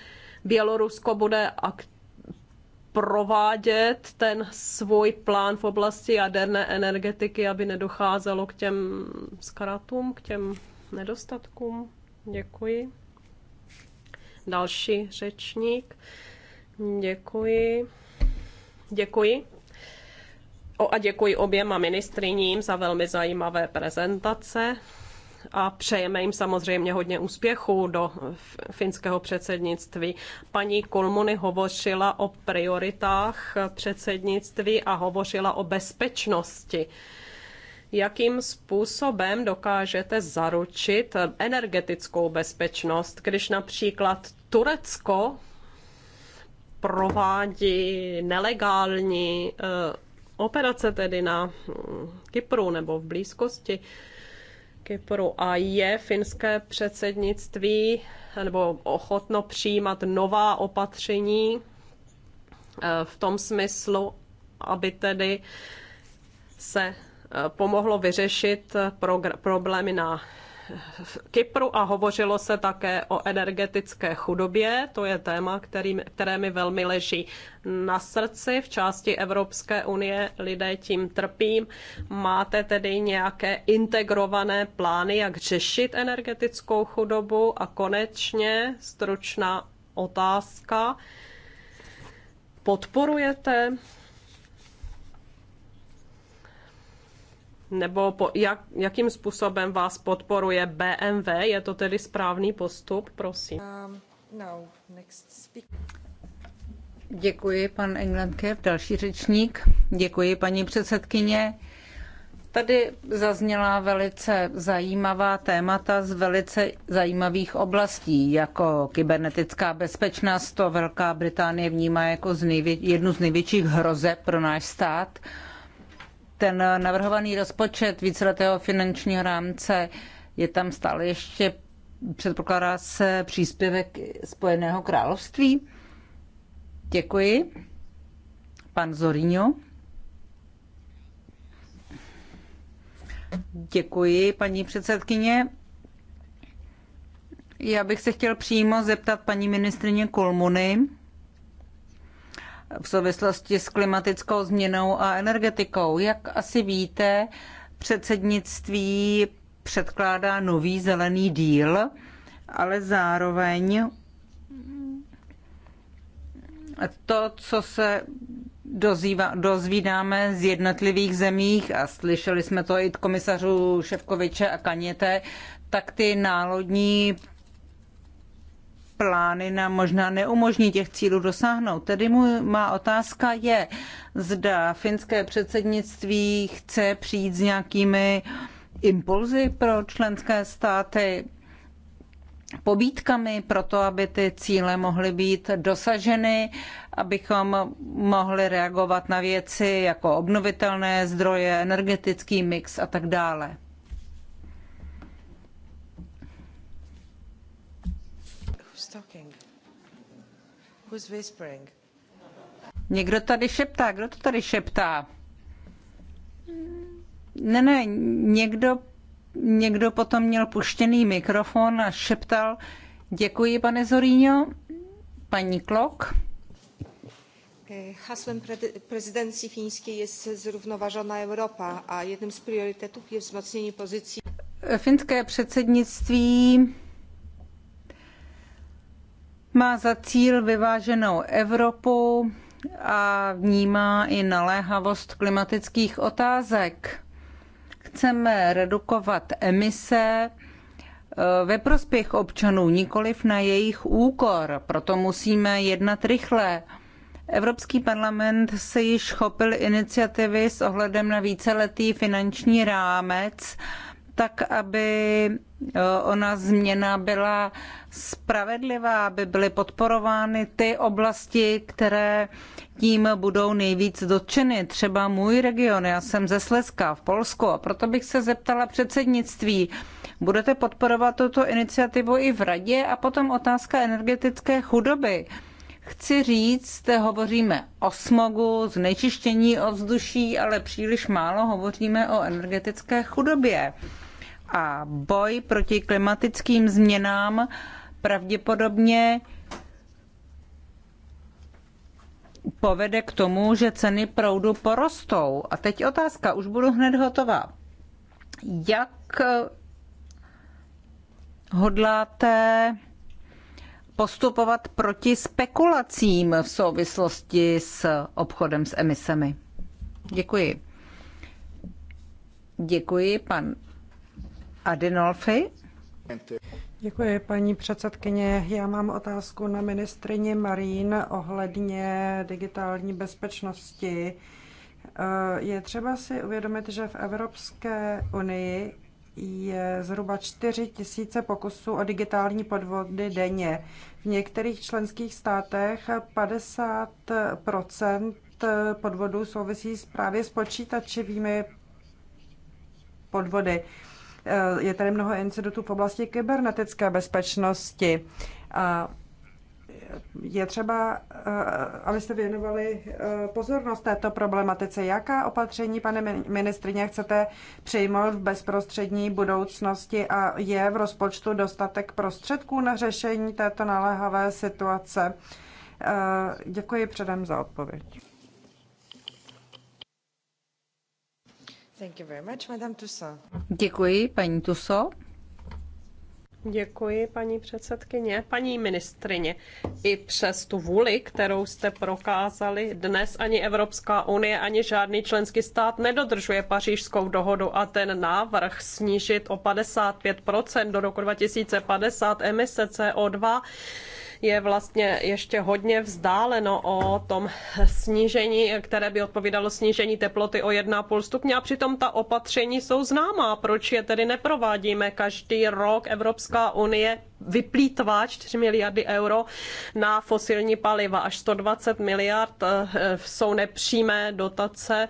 [SPEAKER 1] Bělorusko bude provádět ten svůj plán v oblasti jaderné energetiky, aby nedocházelo k těm zkratům, k těm nedostatkům. Děkuji. Další řečník. Děkuji. Děkuji. O a děkuji oběma ministriním za velmi zajímavé prezentace a přejeme jim samozřejmě hodně úspěchu do finského předsednictví. Paní Kolmony hovořila o prioritách předsednictví a hovořila o bezpečnosti. Jakým způsobem dokážete zaručit energetickou bezpečnost, když například Turecko provádí nelegální eh, operace tedy na hm, Kypru nebo v blízkosti Kypru a je finské předsednictví eh, nebo ochotno přijímat nová opatření eh, v tom smyslu, aby tedy se pomohlo vyřešit problémy na Kypru a hovořilo se také o energetické chudobě. To je téma, který, které mi velmi leží na srdci. V části Evropské unie lidé tím trpí. Máte tedy nějaké integrované plány, jak řešit energetickou chudobu? A konečně stručná otázka. Podporujete nebo po, jak, jakým způsobem vás podporuje BMW? Je to tedy správný postup, prosím.
[SPEAKER 2] Um, no,
[SPEAKER 1] Děkuji, pan Englandke,
[SPEAKER 3] další řečník. Děkuji, paní předsedkyně. Tady zazněla velice zajímavá témata z velice zajímavých oblastí, jako kybernetická bezpečnost, to Velká Británie vnímá jako z jednu z největších hrozeb pro náš stát ten navrhovaný rozpočet víceletého finančního rámce je tam stále ještě, předpokládá se příspěvek Spojeného království. Děkuji. Pan Zorino. Děkuji, paní předsedkyně. Já bych se chtěl přímo zeptat paní ministrině Kulmuny v souvislosti s klimatickou změnou a energetikou. Jak asi víte, předsednictví předkládá nový zelený díl, ale zároveň to, co se dozývá, dozvídáme z jednotlivých zemích a slyšeli jsme to i od komisařů Ševkoviče a Kaněte, tak ty národní plány nám možná neumožní těch cílů dosáhnout. Tedy můj, má otázka je, zda finské předsednictví chce přijít s nějakými impulzy pro členské státy, pobítkami pro to, aby ty cíle mohly být dosaženy, abychom mohli reagovat na věci jako obnovitelné zdroje, energetický mix a tak dále.
[SPEAKER 2] talking? Who's whispering?
[SPEAKER 3] Někdo tady šeptá, kdo to tady šeptá? Ne, ne, někdo, někdo potom měl puštěný mikrofon a šeptal, děkuji pane Zoríňo, paní Klok. Eh, Haslem prezidenci finské je zrównoważona Evropa a jedním z prioritetů je vzmocnění pozicí. Finské předsednictví má za cíl vyváženou Evropu a vnímá i naléhavost klimatických otázek. Chceme redukovat emise eh, ve prospěch občanů, nikoliv na jejich úkor. Proto musíme jednat rychle. Evropský parlament se již chopil iniciativy s ohledem na víceletý finanční rámec tak aby eh, ona změna byla spravedlivá, aby byly podporovány ty oblasti, které tím budou nejvíc dotčeny. Třeba můj region, já jsem ze Slezska v Polsku a proto bych se zeptala předsednictví, budete podporovat tuto iniciativu i v radě a potom otázka energetické chudoby. Chci říct, hovoříme o smogu, znečištění ovzduší, ale příliš málo hovoříme o energetické chudobě a boj proti klimatickým změnám pravděpodobně povede k tomu, že ceny proudu porostou. A teď otázka, už budu hned hotová. Jak hodláte postupovat proti spekulacím v souvislosti s obchodem s emisemi? Děkuji. Děkuji, pan
[SPEAKER 2] Adinolfi. Děkuji, paní předsedkyně. Já mám otázku na ministrině Marín ohledně digitální bezpečnosti. Eh, je třeba si uvědomit, že v Evropské unii je zhruba 4 tisíce pokusů o digitální podvody denně. V některých členských státech 50 podvodů souvisí právě s počítačivými podvody. Eh, je tady mnoho incidentů v oblasti kybernetické bezpečnosti. A eh, je třeba, eh, abyste věnovali pozornost této problematice. Jaká opatření, pane ministrině, chcete přijmout v bezprostřední budoucnosti a je v rozpočtu dostatek prostředků na řešení této naléhavé situace? Děkuji předem za odpověď.
[SPEAKER 1] Tussaud.
[SPEAKER 3] Děkuji, paní předsedající
[SPEAKER 1] paní ministryně i přes tu vůli, kterou jste prokázali, dnes ani Evropská unie, ani žádný členský stát nedodržuje pařížskou dohodu a ten návrh snížit o 55% do roku 2050 emise CO2 je vlastně ještě hodně vzdáleno o tom snížení, které by odpovídalo snížení teploty o 1,5 stupně a přitom ta opatření jsou známá. Proč je tedy neprovádíme? Každý rok Evropská unie vyplýtvá 4 miliardy euro na fosilní paliva. Až 120 miliard eh, jsou nepřímé dotace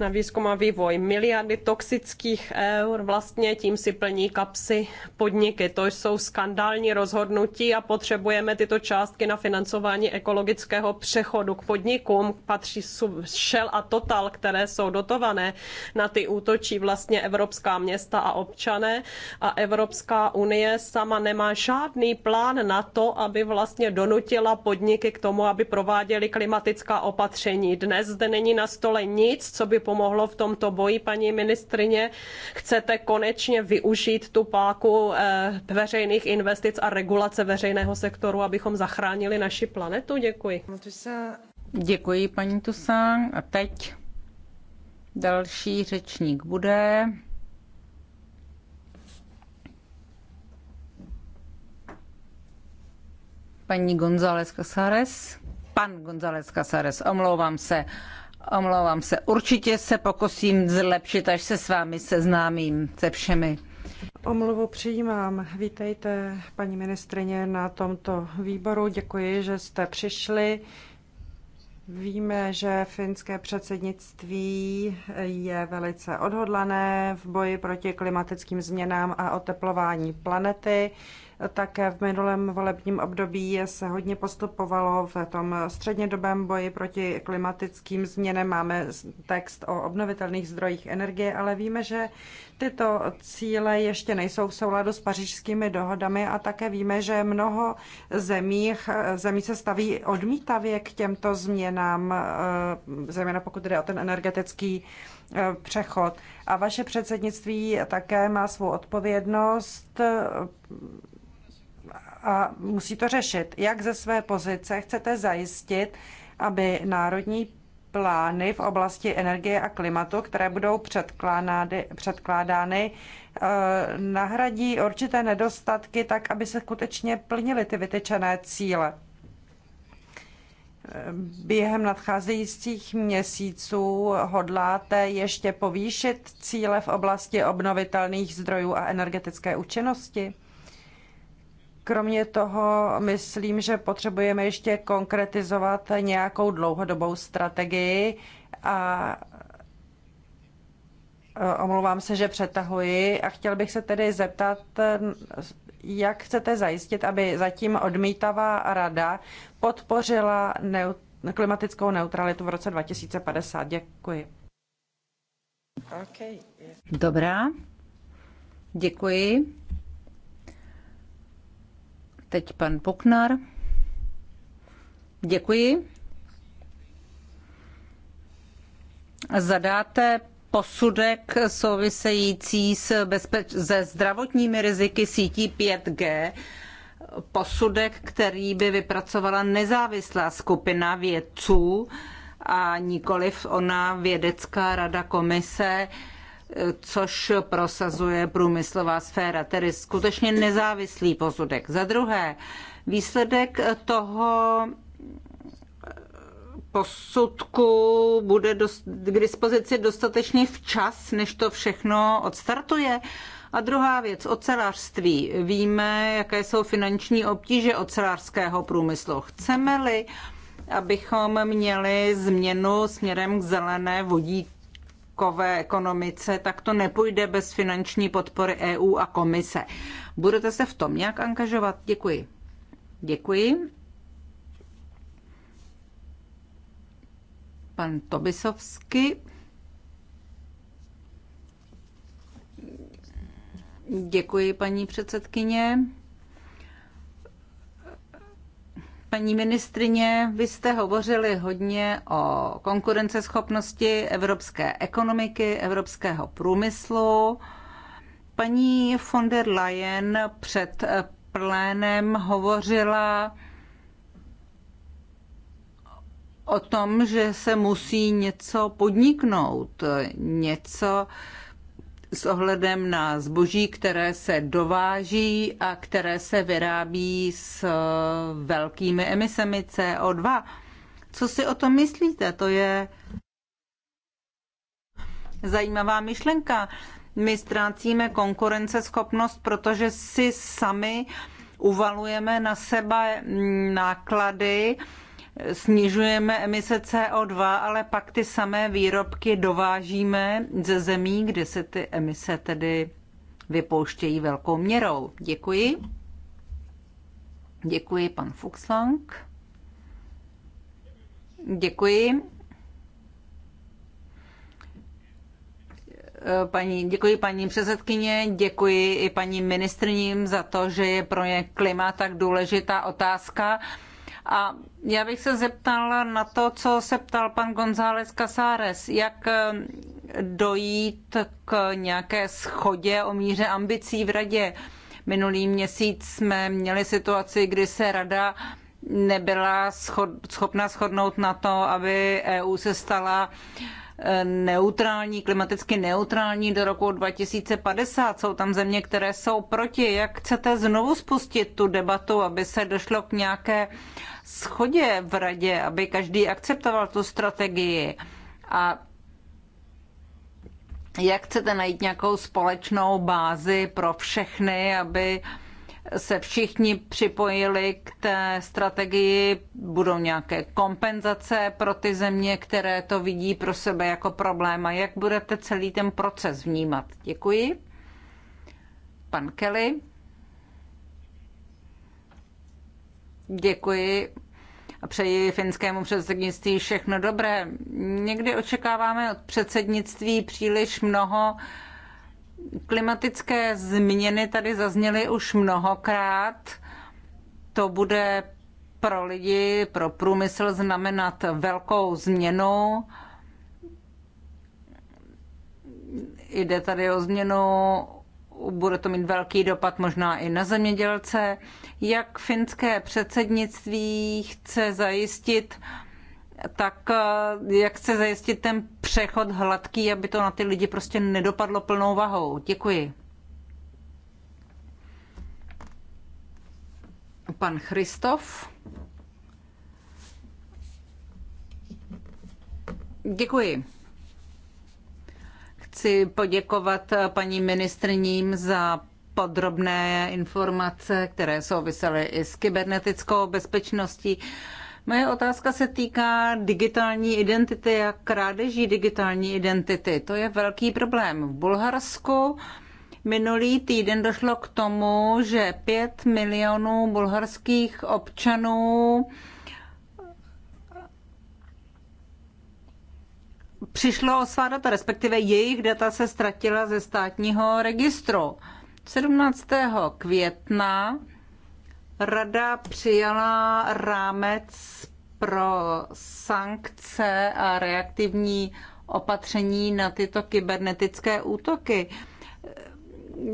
[SPEAKER 1] na výzkum a vývoj. Miliardy toxických eur vlastně tím si plní kapsy podniky. To jsou skandální rozhodnutí a potřebujeme tyto částky na financování ekologického přechodu k podnikům. Patří Shell a Total, které jsou dotované. Na ty útočí vlastně evropská města a občané a Evropská unie sama nemá žádný plán na to, aby vlastně donutila podniky k tomu, aby prováděly klimatická opatření. Dnes zde není na stole nic, co by pomohlo v tomto boji, paní ministrině. Chcete konečně využít tu páku eh, veřejných investic a regulace veřejného sektoru, abychom zachránili naši planetu? Děkuji.
[SPEAKER 3] Děkuji, paní Tusán. A teď další řečník bude paní González Casares. Pan González Casares, omlouvám se. Omlouvám se. Určitě se pokusím zlepšit, až se s vámi seznámím, se všemi.
[SPEAKER 2] Omluvu přijímám. Vítejte, paní ministrině, na tomto výboru. Děkuji, že jste přišli. Víme, že finské předsednictví je velice odhodlané v boji proti klimatickým změnám a oteplování planety. Také v minulém volebním období se hodně postupovalo v tom střednědobém boji proti klimatickým změnám. Máme text o obnovitelných zdrojích energie, ale víme, že tyto cíle ještě nejsou v souladu s pařížskými dohodami a také víme, že mnoho zemí, zemí se staví odmítavě k těmto změnám, eh, zejména pokud jde o ten energetický eh, přechod. A vaše předsednictví také má svou odpovědnost a musí to řešit. Jak ze své pozice chcete zajistit, aby národní plány v oblasti energie a klimatu, které budou předkládány, předkládány eh, nahradí určité nedostatky tak, aby se skutečně plnily ty vytyčené cíle. Během nadcházejících měsíců hodláte ještě povýšit cíle v oblasti obnovitelných zdrojů a energetické účinnosti? Kromě toho myslím, že potřebujeme ještě konkretizovat nějakou dlouhodobou strategii a e, omlouvám se, že přetahuji a chtěl bych se tedy zeptat, jak chcete zajistit, aby zatím odmítavá rada podpořila neut- klimatickou neutralitu v roce 2050. Děkuji. Dobrá,
[SPEAKER 3] děkuji. Teď pan Poknar. Děkuji. Zadáte posudek související s bezpeč- se zdravotními riziky sítí 5G, posudek, který by vypracovala nezávislá skupina vědců a nikoliv ona vědecká rada komise, což prosazuje průmyslová sféra, tedy skutečně nezávislý posudek. Za druhé, výsledek toho posudku bude k dispozici dostatečně včas, než to všechno odstartuje. A druhá věc, ocelářství. Víme, jaké jsou finanční obtíže ocelářského průmyslu. Chceme-li, abychom měli změnu směrem k zelené vodík, kové ekonomice, tak to nepůjde bez finanční podpory EU a komise. Budete se v tom nějak angažovat? Děkuji. Děkuji. Pan Tobisovsky. Děkuji, paní předsedkyně. Paní ministrině, vy jste hovořili hodně o konkurenceschopnosti evropské ekonomiky, evropského průmyslu. Paní von der Leyen před plénem hovořila o tom, že se musí něco podniknout, něco, s ohledem na zboží, které se dováží a které se vyrábí s eh, velkými emisemi CO2. Co si o tom myslíte? To je zajímavá myšlenka. My ztrácíme konkurenceschopnost, protože si sami uvalujeme na sebe mm, náklady, snižujeme emise CO2, ale pak ty samé výrobky dovážíme ze zemí, kde se ty emise tedy vypouštějí velkou měrou. Děkuji. Děkuji, pan Fuxlang. Děkuji. Paní, děkuji paní předsedkyně, děkuji i paní ministrním za to, že je pro ně klima tak důležitá otázka. A já bych se zeptala na to, co se ptal pan González Casares, jak eh, dojít k nějaké schodě o míře ambicí v radě. Minulý měsíc jsme měli situaci, kdy se rada nebyla schopna shodnout na to, aby EU se stala neutrální, klimaticky neutrální do roku 2050. Jsou tam země, které jsou proti. Jak chcete znovu spustit tu debatu, aby se došlo k nějaké schodě v radě, aby každý akceptoval tu strategii? A jak chcete najít nějakou společnou bázi pro všechny, aby se všichni připojili k té strategii, budou nějaké kompenzace pro ty země, které to vidí pro sebe jako problém a jak budete celý ten proces vnímat. Děkuji. Pan Kelly. Děkuji a přeji finskému předsednictví všechno dobré. Někdy očekáváme od předsednictví příliš mnoho Klimatické změny tady zazněly už mnohokrát. To bude pro lidi, pro průmysl znamenat velkou změnu. Jde tady o změnu, bude to mít velký dopad možná i na zemědělce. Jak finské předsednictví chce zajistit, tak eh, jak se zajistit ten přechod hladký, aby to na ty lidi prostě nedopadlo plnou vahou? Děkuji. Pan Christof. Děkuji. Chci poděkovat eh, paní ministrním za podrobné informace, které souvisely i s kybernetickou bezpečností. Moje otázka se týká digitální identity a krádeží digitální identity. To je velký problém. V Bulharsku minulý týden došlo k tomu, že 5 milionů bulharských občanů přišlo o svá data, respektive jejich data se ztratila ze státního registru. 17. května Rada přijala rámec pro sankce a reaktivní opatření na tyto kybernetické útoky.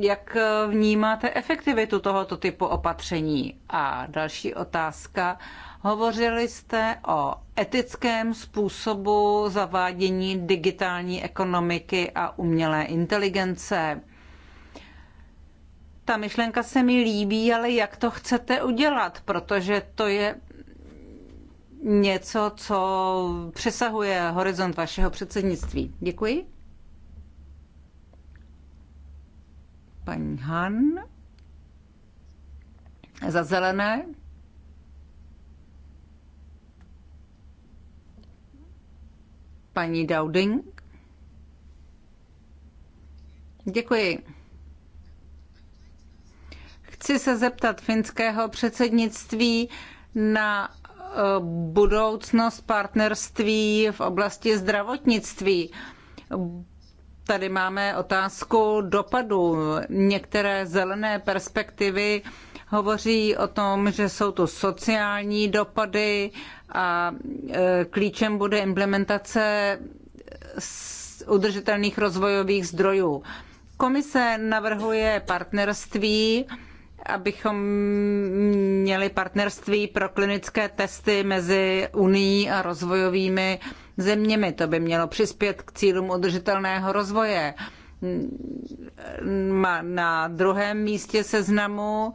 [SPEAKER 3] Jak vnímáte efektivitu tohoto typu opatření? A další otázka. Hovořili jste o etickém způsobu zavádění digitální ekonomiky a umělé inteligence ta myšlenka se mi líbí, ale jak to chcete udělat, protože to je něco, co přesahuje horizont vašeho předsednictví. Děkuji. Paní Han. Za zelené. Paní Dowding. Děkuji. Chci se zeptat finského předsednictví na e, budoucnost partnerství v oblasti zdravotnictví. Tady máme otázku dopadu. Některé zelené perspektivy hovoří o tom, že jsou to sociální dopady a e, klíčem bude implementace udržitelných rozvojových zdrojů. Komise navrhuje partnerství abychom měli partnerství pro klinické testy mezi Unii a rozvojovými zeměmi. To by mělo přispět k cílům udržitelného rozvoje. Na druhém místě seznamu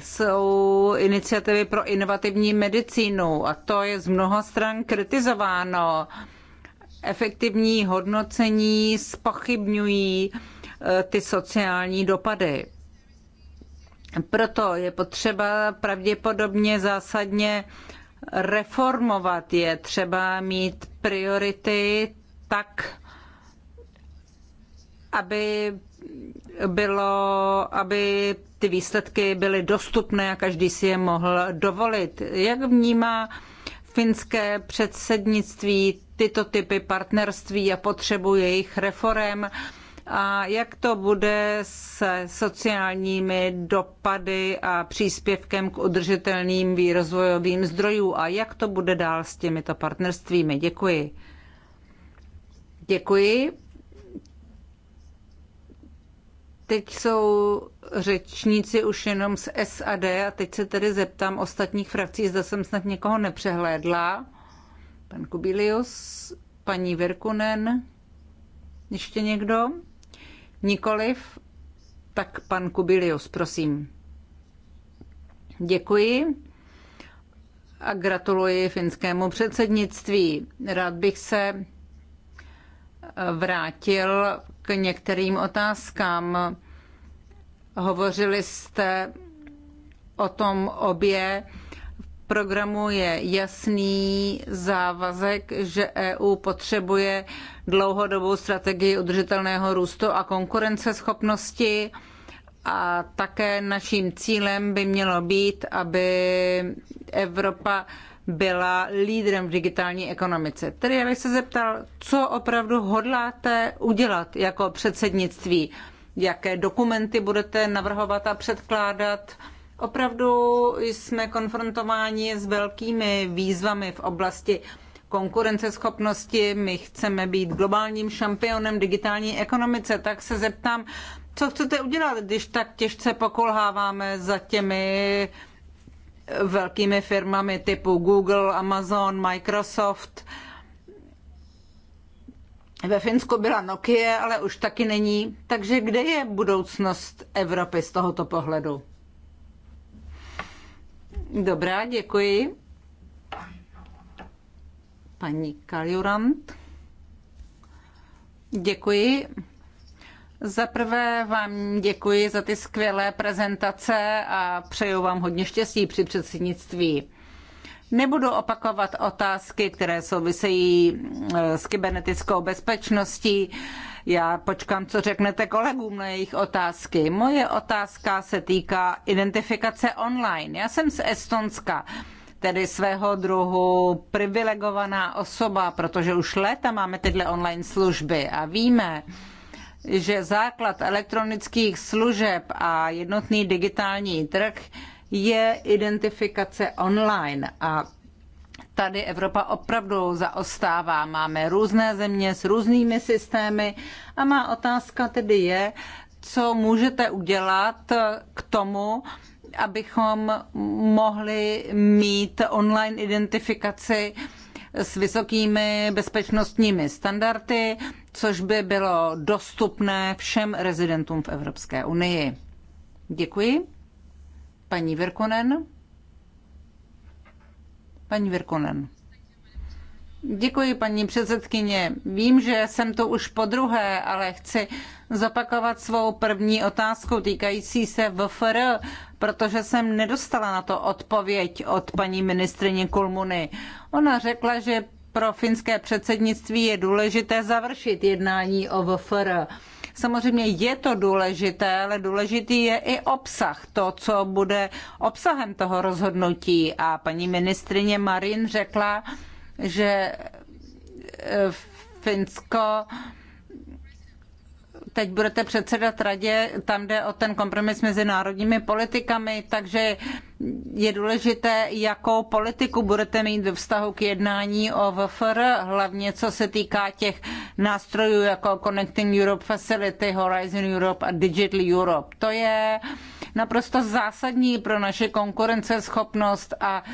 [SPEAKER 3] jsou iniciativy pro inovativní medicínu a to je z mnoha stran kritizováno. Efektivní hodnocení spochybňují eh, ty sociální dopady. Proto je potřeba pravděpodobně zásadně reformovat je, třeba mít priority tak, aby bylo, aby ty výsledky byly dostupné a každý si je mohl dovolit. Jak vnímá finské předsednictví tyto typy partnerství a potřebu jejich reform? a jak to bude se sociálními dopady a příspěvkem k udržitelným výrozvojovým zdrojům a jak to bude dál s těmito partnerstvími. Děkuji. Děkuji. Teď jsou řečníci už jenom z SAD a teď se tedy zeptám ostatních frakcí, zda jsem snad někoho nepřehlédla. Pan Kubilius, paní Virkunen, ještě někdo? Nikoliv, tak pan Kubilius, prosím. Děkuji a gratuluji finskému předsednictví. Rád bych se vrátil k některým otázkám. Hovořili jste o tom obě, programu je jasný závazek, že EU potřebuje dlouhodobou strategii udržitelného růstu a konkurenceschopnosti. A také naším cílem by mělo být, aby Evropa byla lídrem v digitální ekonomice. Tedy já bych se zeptal, co opravdu hodláte udělat jako předsednictví? Jaké dokumenty budete navrhovat a předkládat? Opravdu jsme konfrontováni s velkými výzvami v oblasti konkurenceschopnosti. My chceme být globálním šampionem digitální ekonomice, tak se zeptám, co chcete udělat, když tak těžce pokulháváme za těmi velkými firmami typu Google, Amazon, Microsoft. Ve Finsku byla Nokia, ale už taky není. Takže kde je budoucnost Evropy z tohoto pohledu? Dobrá, děkuji. Paní Kaljurant, Děkuji. Za prvé vám děkuji za ty skvělé prezentace a přeju vám hodně štěstí při předsednictví. Nebudu opakovat otázky, které souvisejí eh, s kybernetickou bezpečností. Já počkám, co řeknete kolegům na jejich otázky. Moje otázka se týká identifikace online. Já jsem z Estonska tedy svého druhu privilegovaná osoba, protože už léta máme tyhle online služby a víme, že základ elektronických služeb a jednotný digitální trh je identifikace online. A tady Evropa opravdu zaostává. Máme různé země s různými systémy a má otázka tedy je, co můžete udělat k tomu, abychom mohli mít online identifikaci s vysokými bezpečnostními standardy, což by bylo dostupné všem rezidentům v Evropské unii. Děkuji. Paní Virkonen. Paní Virkonen. Děkuji, paní předsedkyně. Vím, že jsem to už po druhé, ale chci zopakovat svou první otázku týkající se VFR, protože jsem nedostala na to odpověď od paní ministrině Kulmuny. Ona řekla, že pro finské předsednictví je důležité završit jednání o VFR. Samozřejmě je to důležité, ale důležitý je i obsah, to, co bude obsahem toho rozhodnutí. A paní ministrině Marin řekla, že eh, Finsko teď budete předsedat radě, tam jde o ten kompromis mezi národními politikami, takže je důležité, jakou politiku budete mít ve vztahu k jednání o VFR, hlavně co se týká těch nástrojů jako Connecting Europe Facility, Horizon Europe a Digital Europe. To je naprosto zásadní pro naše konkurenceschopnost a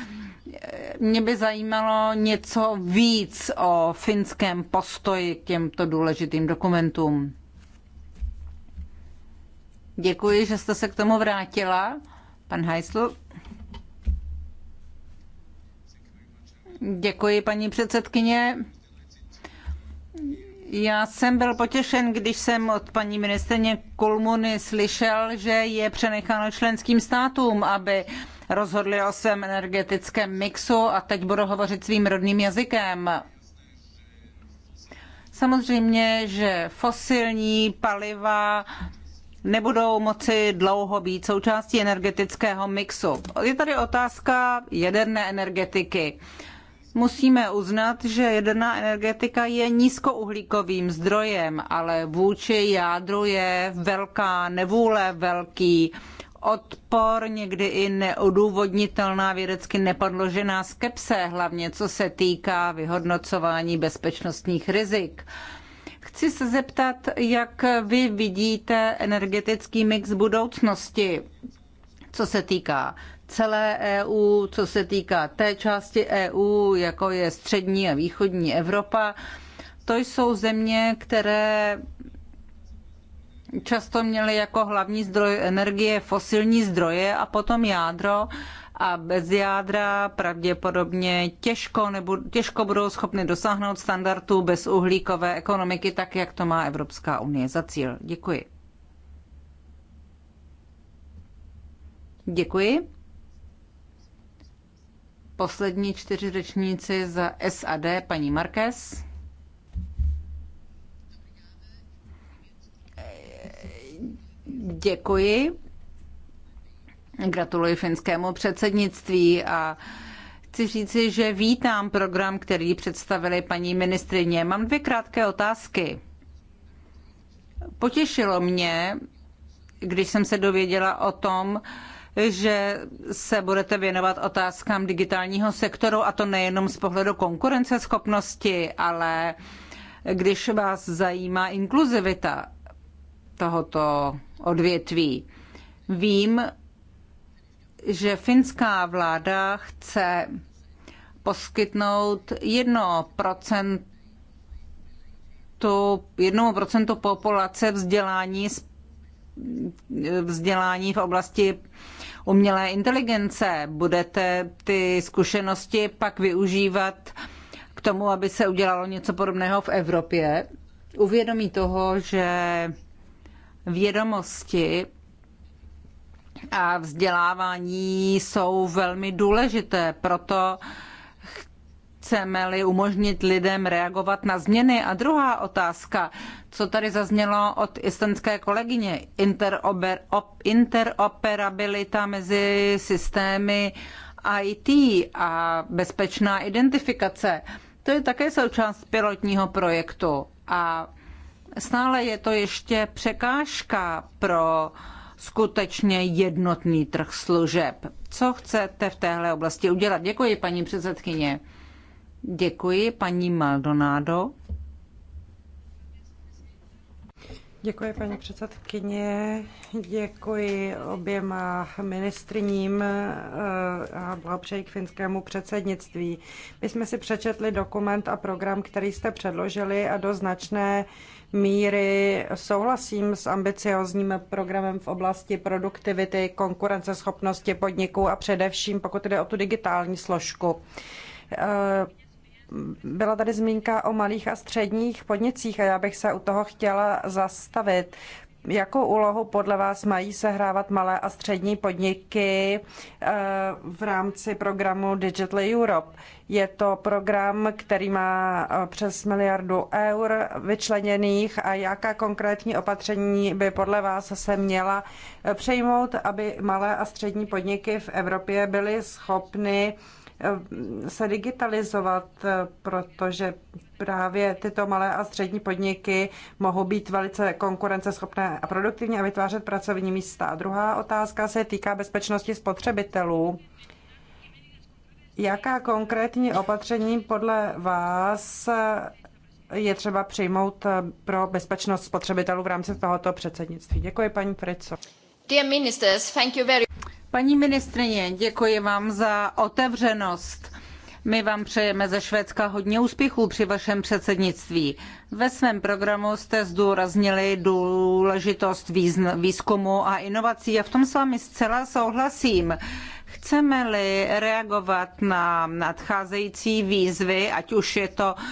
[SPEAKER 3] mě by zajímalo něco víc o finském postoji k těmto důležitým dokumentům. Děkuji, že jste se k tomu vrátila. Pan Heislu. Děkuji, paní předsedkyně. Já jsem byl potěšen, když jsem od paní ministrně Kulmuny slyšel, že je přenecháno členským státům, aby rozhodli o svém energetickém mixu a teď budu hovořit svým rodným jazykem. Samozřejmě, že fosilní paliva nebudou moci dlouho být součástí energetického mixu. Je tady otázka jaderné energetiky. Musíme uznat, že jaderná energetika je nízkouhlíkovým zdrojem, ale vůči jádru je velká nevůle, velký odpor, někdy i neodůvodnitelná vědecky nepodložená skepse, hlavně co se týká vyhodnocování bezpečnostních rizik. Chci se zeptat, jak vy vidíte energetický mix budoucnosti, co se týká celé EU, co se týká té části EU, jako je střední a východní Evropa. To jsou země, které často měly jako hlavní zdroj energie fosilní zdroje a potom jádro a bez jádra pravděpodobně těžko, nebo, těžko budou schopny dosáhnout standardů bez uhlíkové ekonomiky, tak jak to má Evropská unie za cíl. Děkuji. Děkuji. Poslední čtyři řečníci za SAD, paní Marquez. Děkuji. Gratuluji finskému předsednictví a chci říci, že vítám program, který představili paní ministrině. Mám dvě krátké otázky. Potěšilo mě, když jsem se dověděla o tom, že se budete věnovat otázkám digitálního sektoru, a to nejenom z pohledu konkurenceschopnosti, ale když vás zajímá inkluzivita tohoto odvětví. Vím, že finská vláda chce poskytnout jedno procentu, jednomu procentu populace vzdělání, vzdělání v oblasti umělé inteligence. Budete ty zkušenosti pak využívat k tomu, aby se udělalo něco podobného v Evropě. Uvědomí toho, že vědomosti a vzdělávání jsou velmi důležité, proto chceme-li umožnit lidem reagovat na změny. A druhá otázka, co tady zaznělo od islandské kolegyně, interoperabilita mezi systémy IT a bezpečná identifikace. To je také součást pilotního projektu a stále je to ještě překážka pro uh, skutečně jednotný trh služeb. Co chcete v téhle oblasti udělat? Děkuji, paní předsedkyně. Děkuji, paní Maldonado.
[SPEAKER 2] Děkuji, paní předsedkyně. Děkuji oběma ministriním eh, a blahopřeji k finskému předsednictví. My jsme si přečetli dokument a program, který jste předložili a do značné míry souhlasím s ambiciozním programem v oblasti produktivity, konkurenceschopnosti podniků a především pokud jde o tu digitální složku. Eh, byla tady zmínka o malých a středních podnicích a já bych se u toho chtěla zastavit. Jakou úlohu podle vás mají sehrávat malé a střední podniky eh, v rámci programu Digital Europe? Je to program, který má eh, přes miliardu eur vyčleněných a jaká konkrétní opatření by podle vás se měla eh, přejmout, aby malé a střední podniky v Evropě byly schopny Eh, se digitalizovat, eh, protože právě tyto malé a střední podniky mohou být velice konkurenceschopné a produktivní a vytvářet pracovní místa. A druhá otázka se týká bezpečnosti spotřebitelů. Jaká konkrétní opatření podle vás je třeba přijmout eh, pro bezpečnost spotřebitelů v rámci tohoto předsednictví? Děkuji, paní Frico.
[SPEAKER 3] Dear ministers, thank you very Paní ministrině, děkuji vám za otevřenost. My vám přejeme ze Švédska hodně úspěchů při vašem předsednictví. Ve svém programu jste zdůraznili důležitost výzkumu a inovací a v tom s vámi zcela souhlasím. Chceme-li reagovat na nadcházející výzvy, ať už je to uh,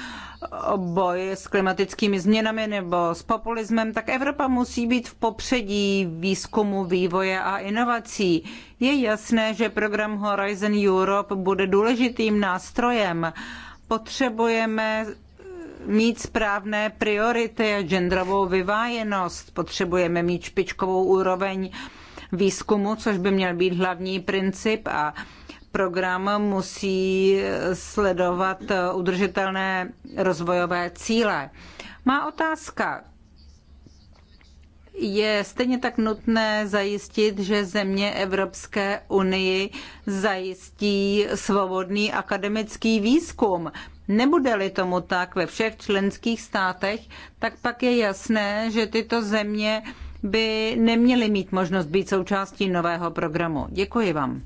[SPEAKER 3] boj s klimatickými změnami nebo s populismem, tak Evropa musí být v popředí výzkumu, vývoje a inovací. Je jasné, že program Horizon Europe bude důležitým nástrojem. Potřebujeme mít správné priority a genderovou vyvájenost. Potřebujeme mít špičkovou úroveň výzkumu, což by měl být hlavní princip a program musí sledovat udržitelné rozvojové cíle. Má otázka. Je stejně tak nutné zajistit, že země Evropské unii zajistí svobodný akademický výzkum. Nebude-li tomu tak ve všech členských státech, tak pak je jasné, že tyto země by neměly mít možnost být součástí nového programu. Děkuji vám.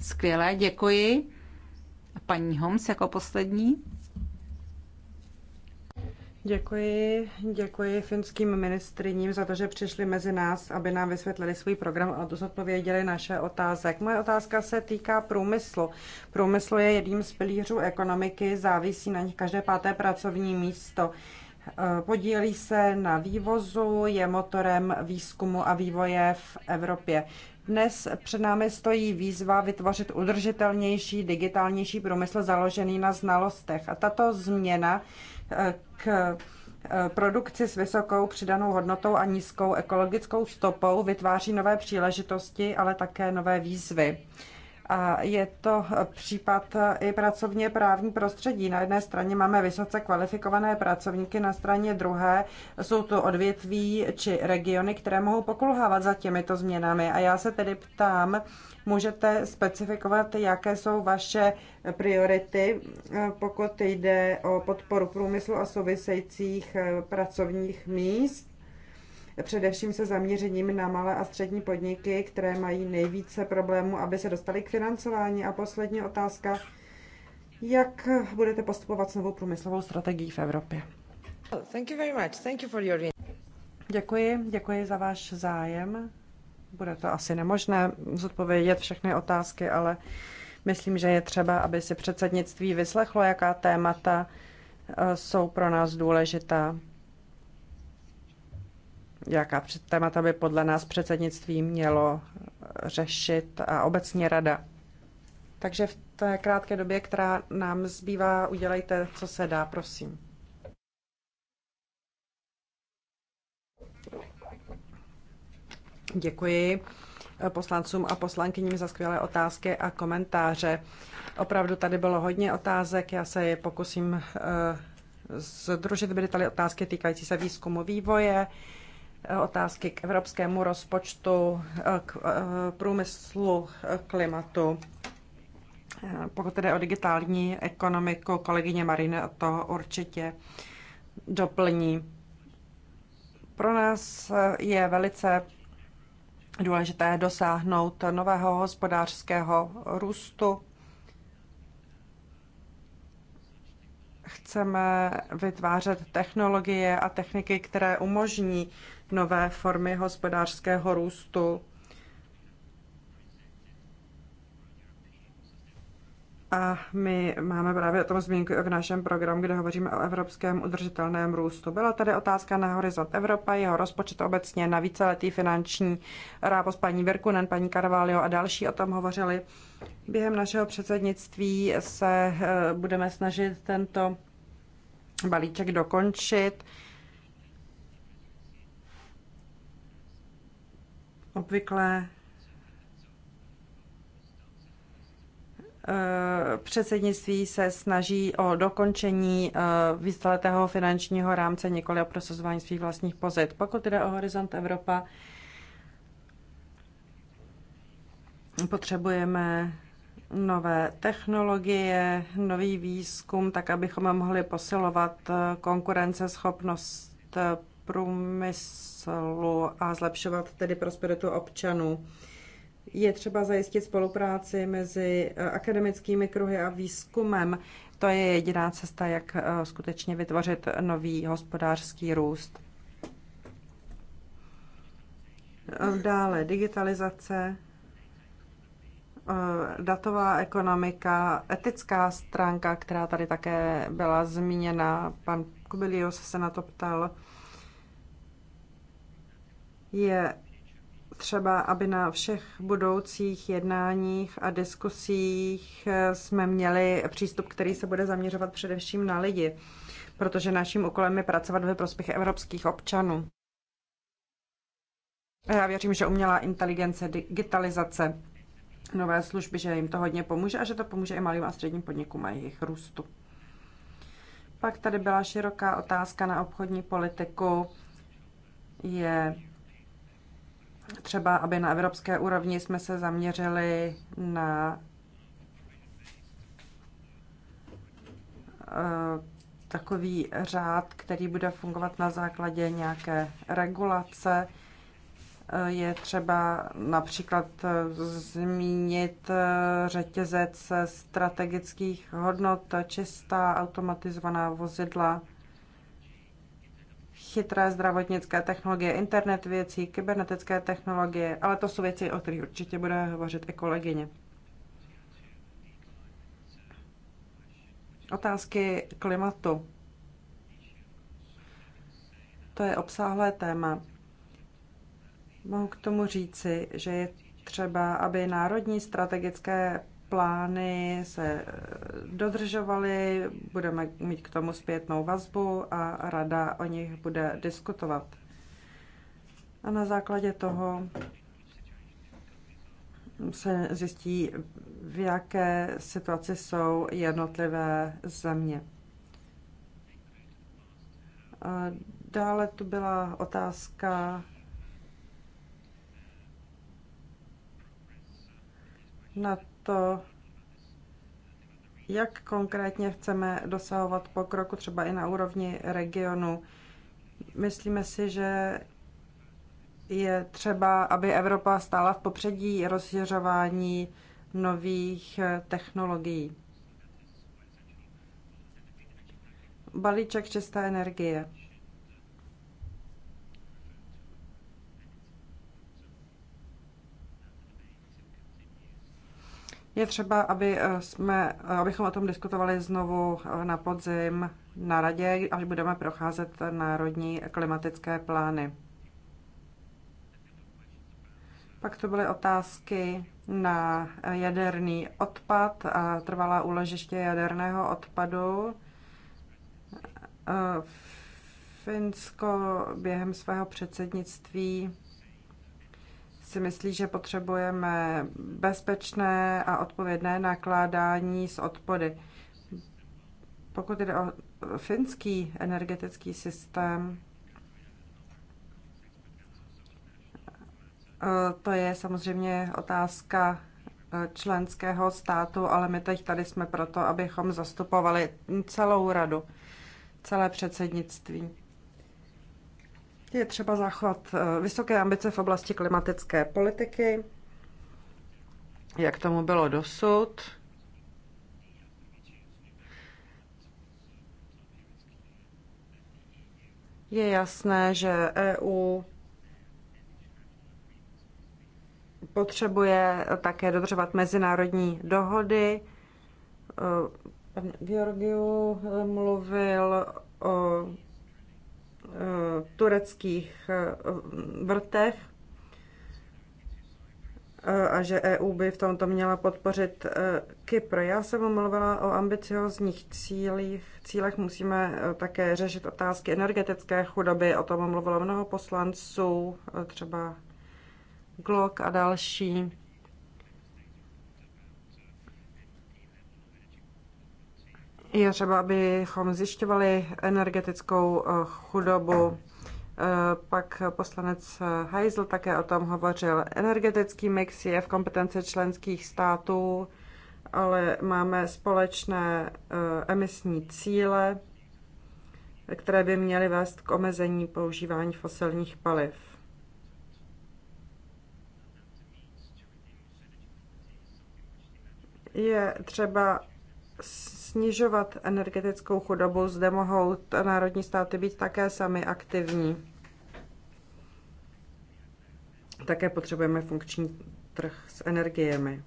[SPEAKER 3] Skvělé,
[SPEAKER 2] děkuji. A paní Homs
[SPEAKER 3] jako poslední.
[SPEAKER 2] Děkuji, děkuji finským ministriním za to, že přišli mezi nás, aby nám vysvětlili svůj program a zodpověděli naše otázek. Moje otázka se týká průmyslu. Průmysl je jedním z pilířů ekonomiky, závisí na nich každé páté pracovní místo. Podílí se na vývozu, je motorem výzkumu a vývoje v Evropě. Dnes před námi stojí výzva vytvořit udržitelnější, digitálnější průmysl založený na znalostech. A tato změna eh, k eh, produkci s vysokou přidanou hodnotou a nízkou ekologickou stopou vytváří nové příležitosti, ale také nové výzvy. A je to případ i pracovně právní prostředí. Na jedné straně máme vysoce kvalifikované pracovníky, na straně druhé jsou to odvětví či regiony, které mohou pokulhávat za těmito změnami. A já se tedy ptám, můžete specifikovat, jaké jsou vaše priority, pokud jde o podporu průmyslu a souvisejících pracovních míst? především se zaměřením na malé a střední podniky, které mají nejvíce problémů, aby se dostali k financování. A poslední otázka, jak budete postupovat s novou průmyslovou strategií v Evropě? Thank you very much. Thank you for your... Děkuji, děkuji za váš zájem. Bude to asi nemožné zodpovědět všechny otázky, ale myslím, že je třeba, aby si předsednictví vyslechlo, jaká témata eh, jsou pro nás důležitá jaká témata by podle nás předsednictví mělo řešit a obecně rada. Takže v té krátké době, která nám zbývá, udělejte, co se dá, prosím. Děkuji poslancům a poslankyním za skvělé otázky a komentáře. Opravdu tady bylo hodně otázek, já se je pokusím eh, združit. Byly tady otázky týkající se výzkumu vývoje, otázky k evropskému rozpočtu, k eh, průmyslu, eh, klimatu. Eh, pokud jde o digitální ekonomiku, kolegyně Marina to určitě doplní. Pro nás je velice důležité dosáhnout nového hospodářského růstu. Chceme vytvářet technologie a techniky, které umožní nové formy hospodářského růstu. A my máme právě o tom zmínku v našem programu, kde hovoříme o evropském udržitelném růstu. Byla tady otázka na Horizont Evropa, jeho rozpočet obecně na víceletý finanční rápos paní Virkunen, paní Carvalho a další o tom hovořili. Během našeho předsednictví se eh, budeme snažit tento balíček dokončit. obvykle eh, předsednictví se snaží o dokončení eh, víceletého finančního rámce, nikoli o prosazování svých vlastních pozit. Pokud jde o Horizont Evropa, potřebujeme nové technologie, nový výzkum, tak abychom mohli posilovat eh, konkurenceschopnost průmyslu a zlepšovat tedy prosperitu občanů. Je třeba zajistit spolupráci mezi eh, akademickými kruhy a výzkumem. To je jediná cesta, jak eh, skutečně vytvořit nový hospodářský růst. Eh, dále digitalizace, datová ekonomika, etická stránka, která tady také byla zmíněna. Pan Kubilius se na to ptal je třeba, aby na všech budoucích jednáních a diskusích eh, jsme měli přístup, který se bude zaměřovat především na lidi, protože naším úkolem je pracovat ve prospěch evropských občanů. já věřím, že umělá inteligence, digitalizace, nové služby, že jim to hodně pomůže a že to pomůže i malým a středním podnikům a jejich růstu. Pak tady byla široká otázka na obchodní politiku. Je třeba, aby na evropské úrovni jsme se zaměřili na eh, takový řád, který bude fungovat na základě nějaké regulace. Eh, je třeba například eh, zmínit řetězec strategických hodnot, čistá automatizovaná vozidla, chytré zdravotnické technologie, internet věcí, kybernetické technologie, ale to jsou věci, o kterých určitě bude hovořit i kolegyně. Otázky klimatu. To je obsáhlé téma. Mohu k tomu říci, že je třeba, aby národní strategické plány se eh, dodržovaly, budeme mít k tomu zpětnou vazbu a rada o nich bude diskutovat. A na základě toho se zjistí, v jaké situaci jsou jednotlivé země. A dále tu byla otázka na to, jak konkrétně chceme dosahovat pokroku třeba i na úrovni regionu. Myslíme si, že je třeba, aby Evropa stála v popředí rozšiřování nových eh, technologií. Balíček čisté energie. Je třeba, aby eh, jsme, eh, abychom o tom diskutovali znovu eh, na podzim na radě, až budeme procházet národní klimatické plány. Pak to byly otázky na jaderný odpad a trvalá úložiště jaderného odpadu. Finsko během svého předsednictví si myslí, že potřebujeme bezpečné a odpovědné nakládání s odpady. Pokud jde o finský energetický systém, to je samozřejmě otázka eh, členského státu, ale my teď tady jsme proto, abychom zastupovali celou radu, celé předsednictví. Je třeba zachovat eh, vysoké ambice v oblasti klimatické politiky, jak tomu bylo dosud. Je jasné, že EU potřebuje také dodržovat mezinárodní dohody. Eh, pan Georgiu mluvil o Eh, tureckých eh, vrtech eh, a že EU by v tomto měla podpořit Kypr. Já jsem mluvila o ambiciozních cílích. cílech musíme také řešit otázky energetické chudoby, o tom mluvilo mnoho poslanců, třeba Glock a další. Je třeba, abychom zjišťovali energetickou eh, chudobu. Eh, pak poslanec Heisel také o tom hovořil. Energetický mix je v kompetenci členských států, ale máme společné eh, emisní cíle, které by měly vést k omezení používání fosilních paliv. Je třeba snižovat energetickou chudobu, zde mohou národní státy být také sami aktivní. Také potřebujeme funkční trh s energiemi.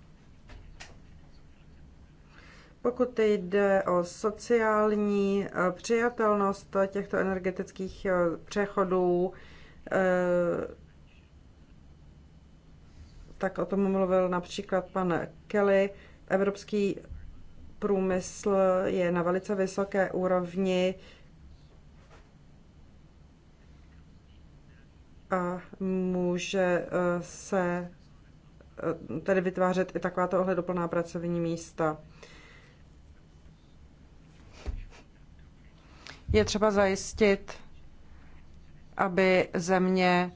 [SPEAKER 2] Pokud jde o sociální eh, přijatelnost těchto energetických eh, přechodů, eh, tak o tom mluvil například pan Kelly. Evropský průmysl je na velice vysoké úrovni a může eh, se eh, tedy vytvářet i takováto ohledoplná pracovní místa. Je třeba zajistit, aby země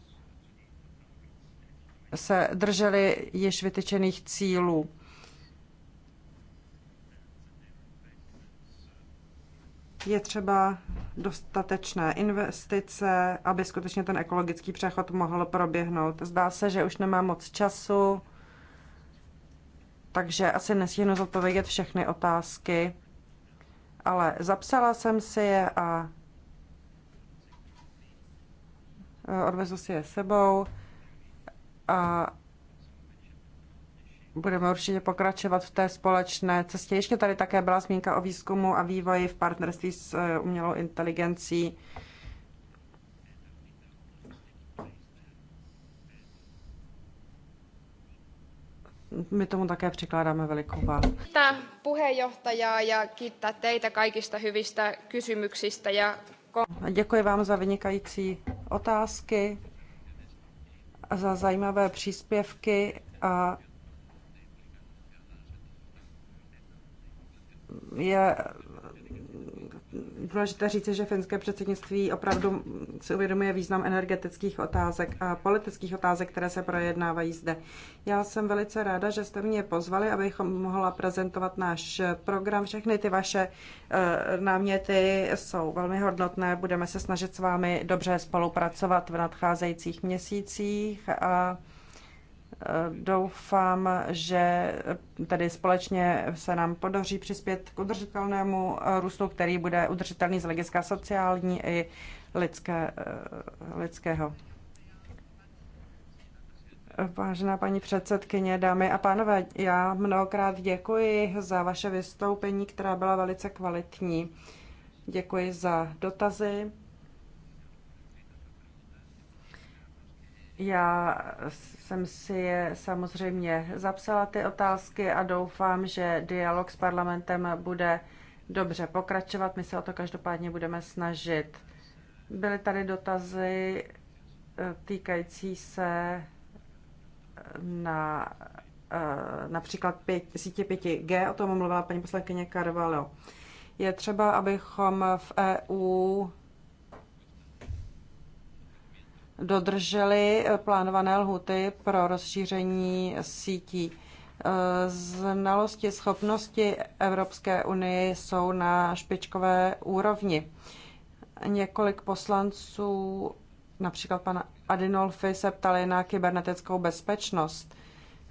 [SPEAKER 2] se držely již vytyčených cílů. je třeba dostatečné investice, aby skutečně ten ekologický přechod mohl proběhnout. Zdá se, že už nemá moc času, takže asi nesíhnu zodpovědět všechny otázky, ale zapsala jsem si je a eh, odvezu si je sebou. A budeme určitě pokračovat v té společné cestě. Ještě tady také byla zmínka o výzkumu a vývoji v partnerství s eh, umělou inteligencí. My tomu také přikládáme velikou váhu. Kiittää
[SPEAKER 1] puheenjohtaja ja kiittää teitä kaikista hyvistä kysymyksistä. Ja...
[SPEAKER 2] Děkuji vám za vynikající otázky, za zajímavé příspěvky a je důležité říci, že finské předsednictví opravdu si uvědomuje význam energetických otázek a politických otázek, které se projednávají zde. Já jsem velice ráda, že jste mě pozvali, abychom mohla prezentovat náš program. Všechny ty vaše eh, náměty jsou velmi hodnotné. Budeme se snažit s vámi dobře spolupracovat v nadcházejících měsících a Doufám, že tady společně se nám podaří přispět k udržitelnému eh, růstu, který bude udržitelný z hlediska sociální i lidské, eh, lidského. Vážená paní předsedkyně, dámy a pánové, já mnohokrát děkuji za vaše vystoupení, která byla velice kvalitní. Děkuji za dotazy. Já jsem si je samozřejmě zapsala ty otázky a doufám, že dialog s parlamentem bude dobře pokračovat. My se o to každopádně budeme snažit. Byly tady dotazy eh, týkající se eh, na eh, například sítě 5G, o tom mluvila paní poslankyně Carvalho. Je třeba, abychom v EU dodrželi eh, plánované lhuty pro rozšíření sítí. Eh, znalosti, schopnosti Evropské unie jsou na špičkové úrovni. Několik poslanců, například pana Adinolfi, se ptali na kybernetickou bezpečnost.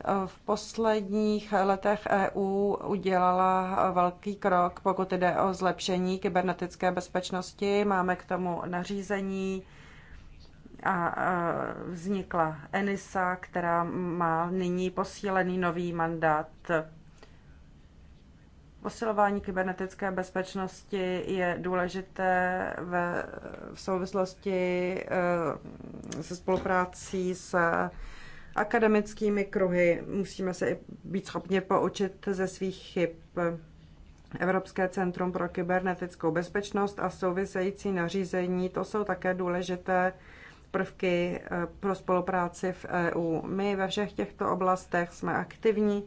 [SPEAKER 2] Eh, v posledních letech EU udělala velký krok, pokud jde o zlepšení kybernetické bezpečnosti. Máme k tomu nařízení, a vznikla ENISA, která má nyní posílený nový mandát. Posilování kybernetické bezpečnosti je důležité ve, v souvislosti eh, se spoluprácí s akademickými kruhy. Musíme se i být schopni poučit ze svých chyb. Evropské centrum pro kybernetickou bezpečnost a související nařízení, to jsou také důležité prvky eh, pro spolupráci v EU. My ve všech těchto oblastech jsme aktivní.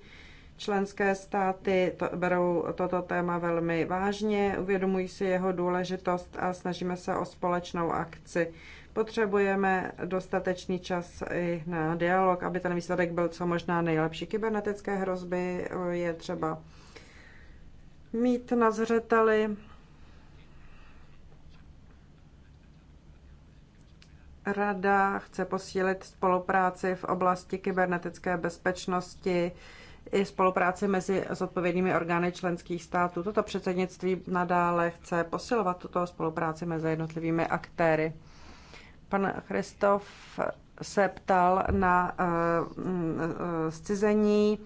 [SPEAKER 2] Členské státy to, berou toto téma velmi vážně, uvědomují si jeho důležitost a snažíme se o společnou akci. Potřebujeme dostatečný čas i na dialog, aby ten výsledek byl co možná nejlepší. Kybernetické hrozby eh, je třeba mít na zřeteli Rada chce posílit spolupráci v oblasti kybernetické bezpečnosti i spolupráci mezi zodpovědnými orgány členských států. Toto předsednictví nadále chce posilovat tuto spolupráci mezi jednotlivými aktéry. Pan Christof se ptal na eh, mm, eh, zcizení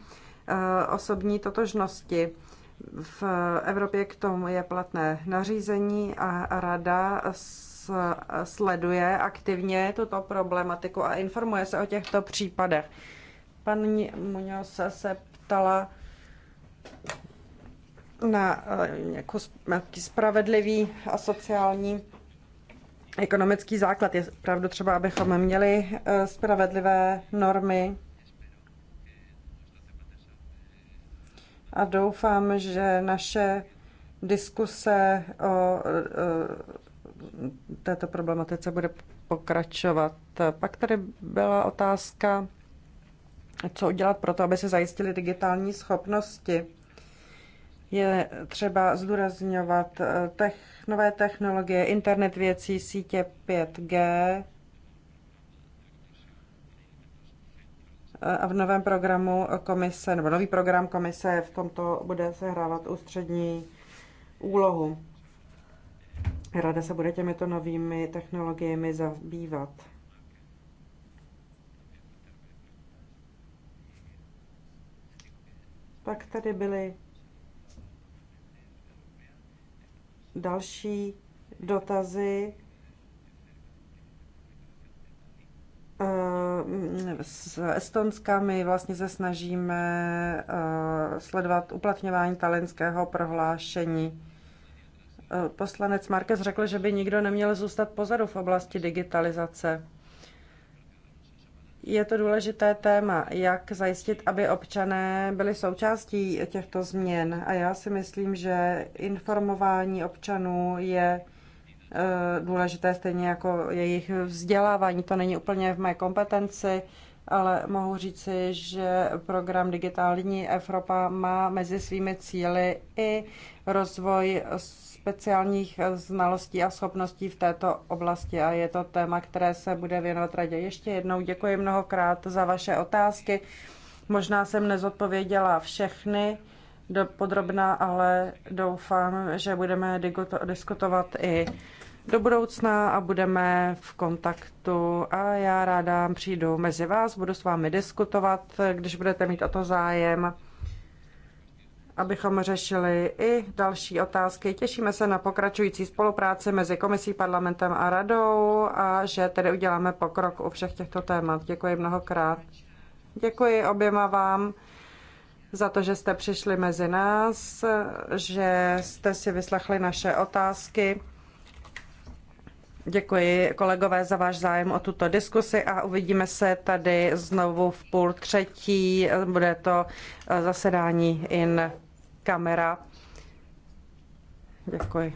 [SPEAKER 2] eh, osobní totožnosti. V Evropě k tomu je platné nařízení a rada s sleduje aktivně tuto problematiku a informuje se o těchto případech. Paní Muñoz se ptala na nějaký eh, spravedlivý a sociální ekonomický základ. Je pravdu třeba, abychom měli eh, spravedlivé normy a doufám, že naše diskuse o eh, této problematice bude pokračovat. Pak tady byla otázka, co udělat pro to, aby se zajistily digitální schopnosti. Je třeba zdůrazňovat eh, tech, nové technologie, internet věcí, sítě 5G, eh, a v novém programu komise, nebo nový program komise v tomto bude sehrávat ústřední úlohu. Rada se bude těmito novými technologiemi zabývat. Pak tady byly další dotazy. Eh, s Estonska my vlastně se snažíme eh, sledovat uplatňování talinského prohlášení Eh, poslanec Marquez řekl, že by nikdo neměl zůstat pozadu v oblasti digitalizace. Je to důležité téma, jak zajistit, aby občané byli součástí těchto změn. A já si myslím, že informování občanů je eh, důležité, stejně jako jejich vzdělávání. To není úplně v mé kompetenci, ale mohu říci, že program Digitální Evropa má mezi svými cíly i rozvoj speciálních eh, znalostí a schopností v této oblasti a je to téma, které se bude věnovat radě. Ještě jednou děkuji mnohokrát za vaše otázky. Možná jsem nezodpověděla všechny do podrobna, ale doufám, že budeme diskutovat i do budoucna a budeme v kontaktu a já ráda přijdu mezi vás, budu s vámi diskutovat, když budete mít o to zájem abychom řešili i další otázky. Těšíme se na pokračující spolupráci mezi Komisí, parlamentem a radou a že tedy uděláme pokrok u všech těchto témat. Děkuji mnohokrát. Děkuji oběma vám za to, že jste přišli mezi nás, že jste si vyslechli naše otázky. Děkuji kolegové za váš zájem o tuto diskusi a uvidíme se tady znovu v půl třetí. Bude to zasedání in kamera. Děkuji.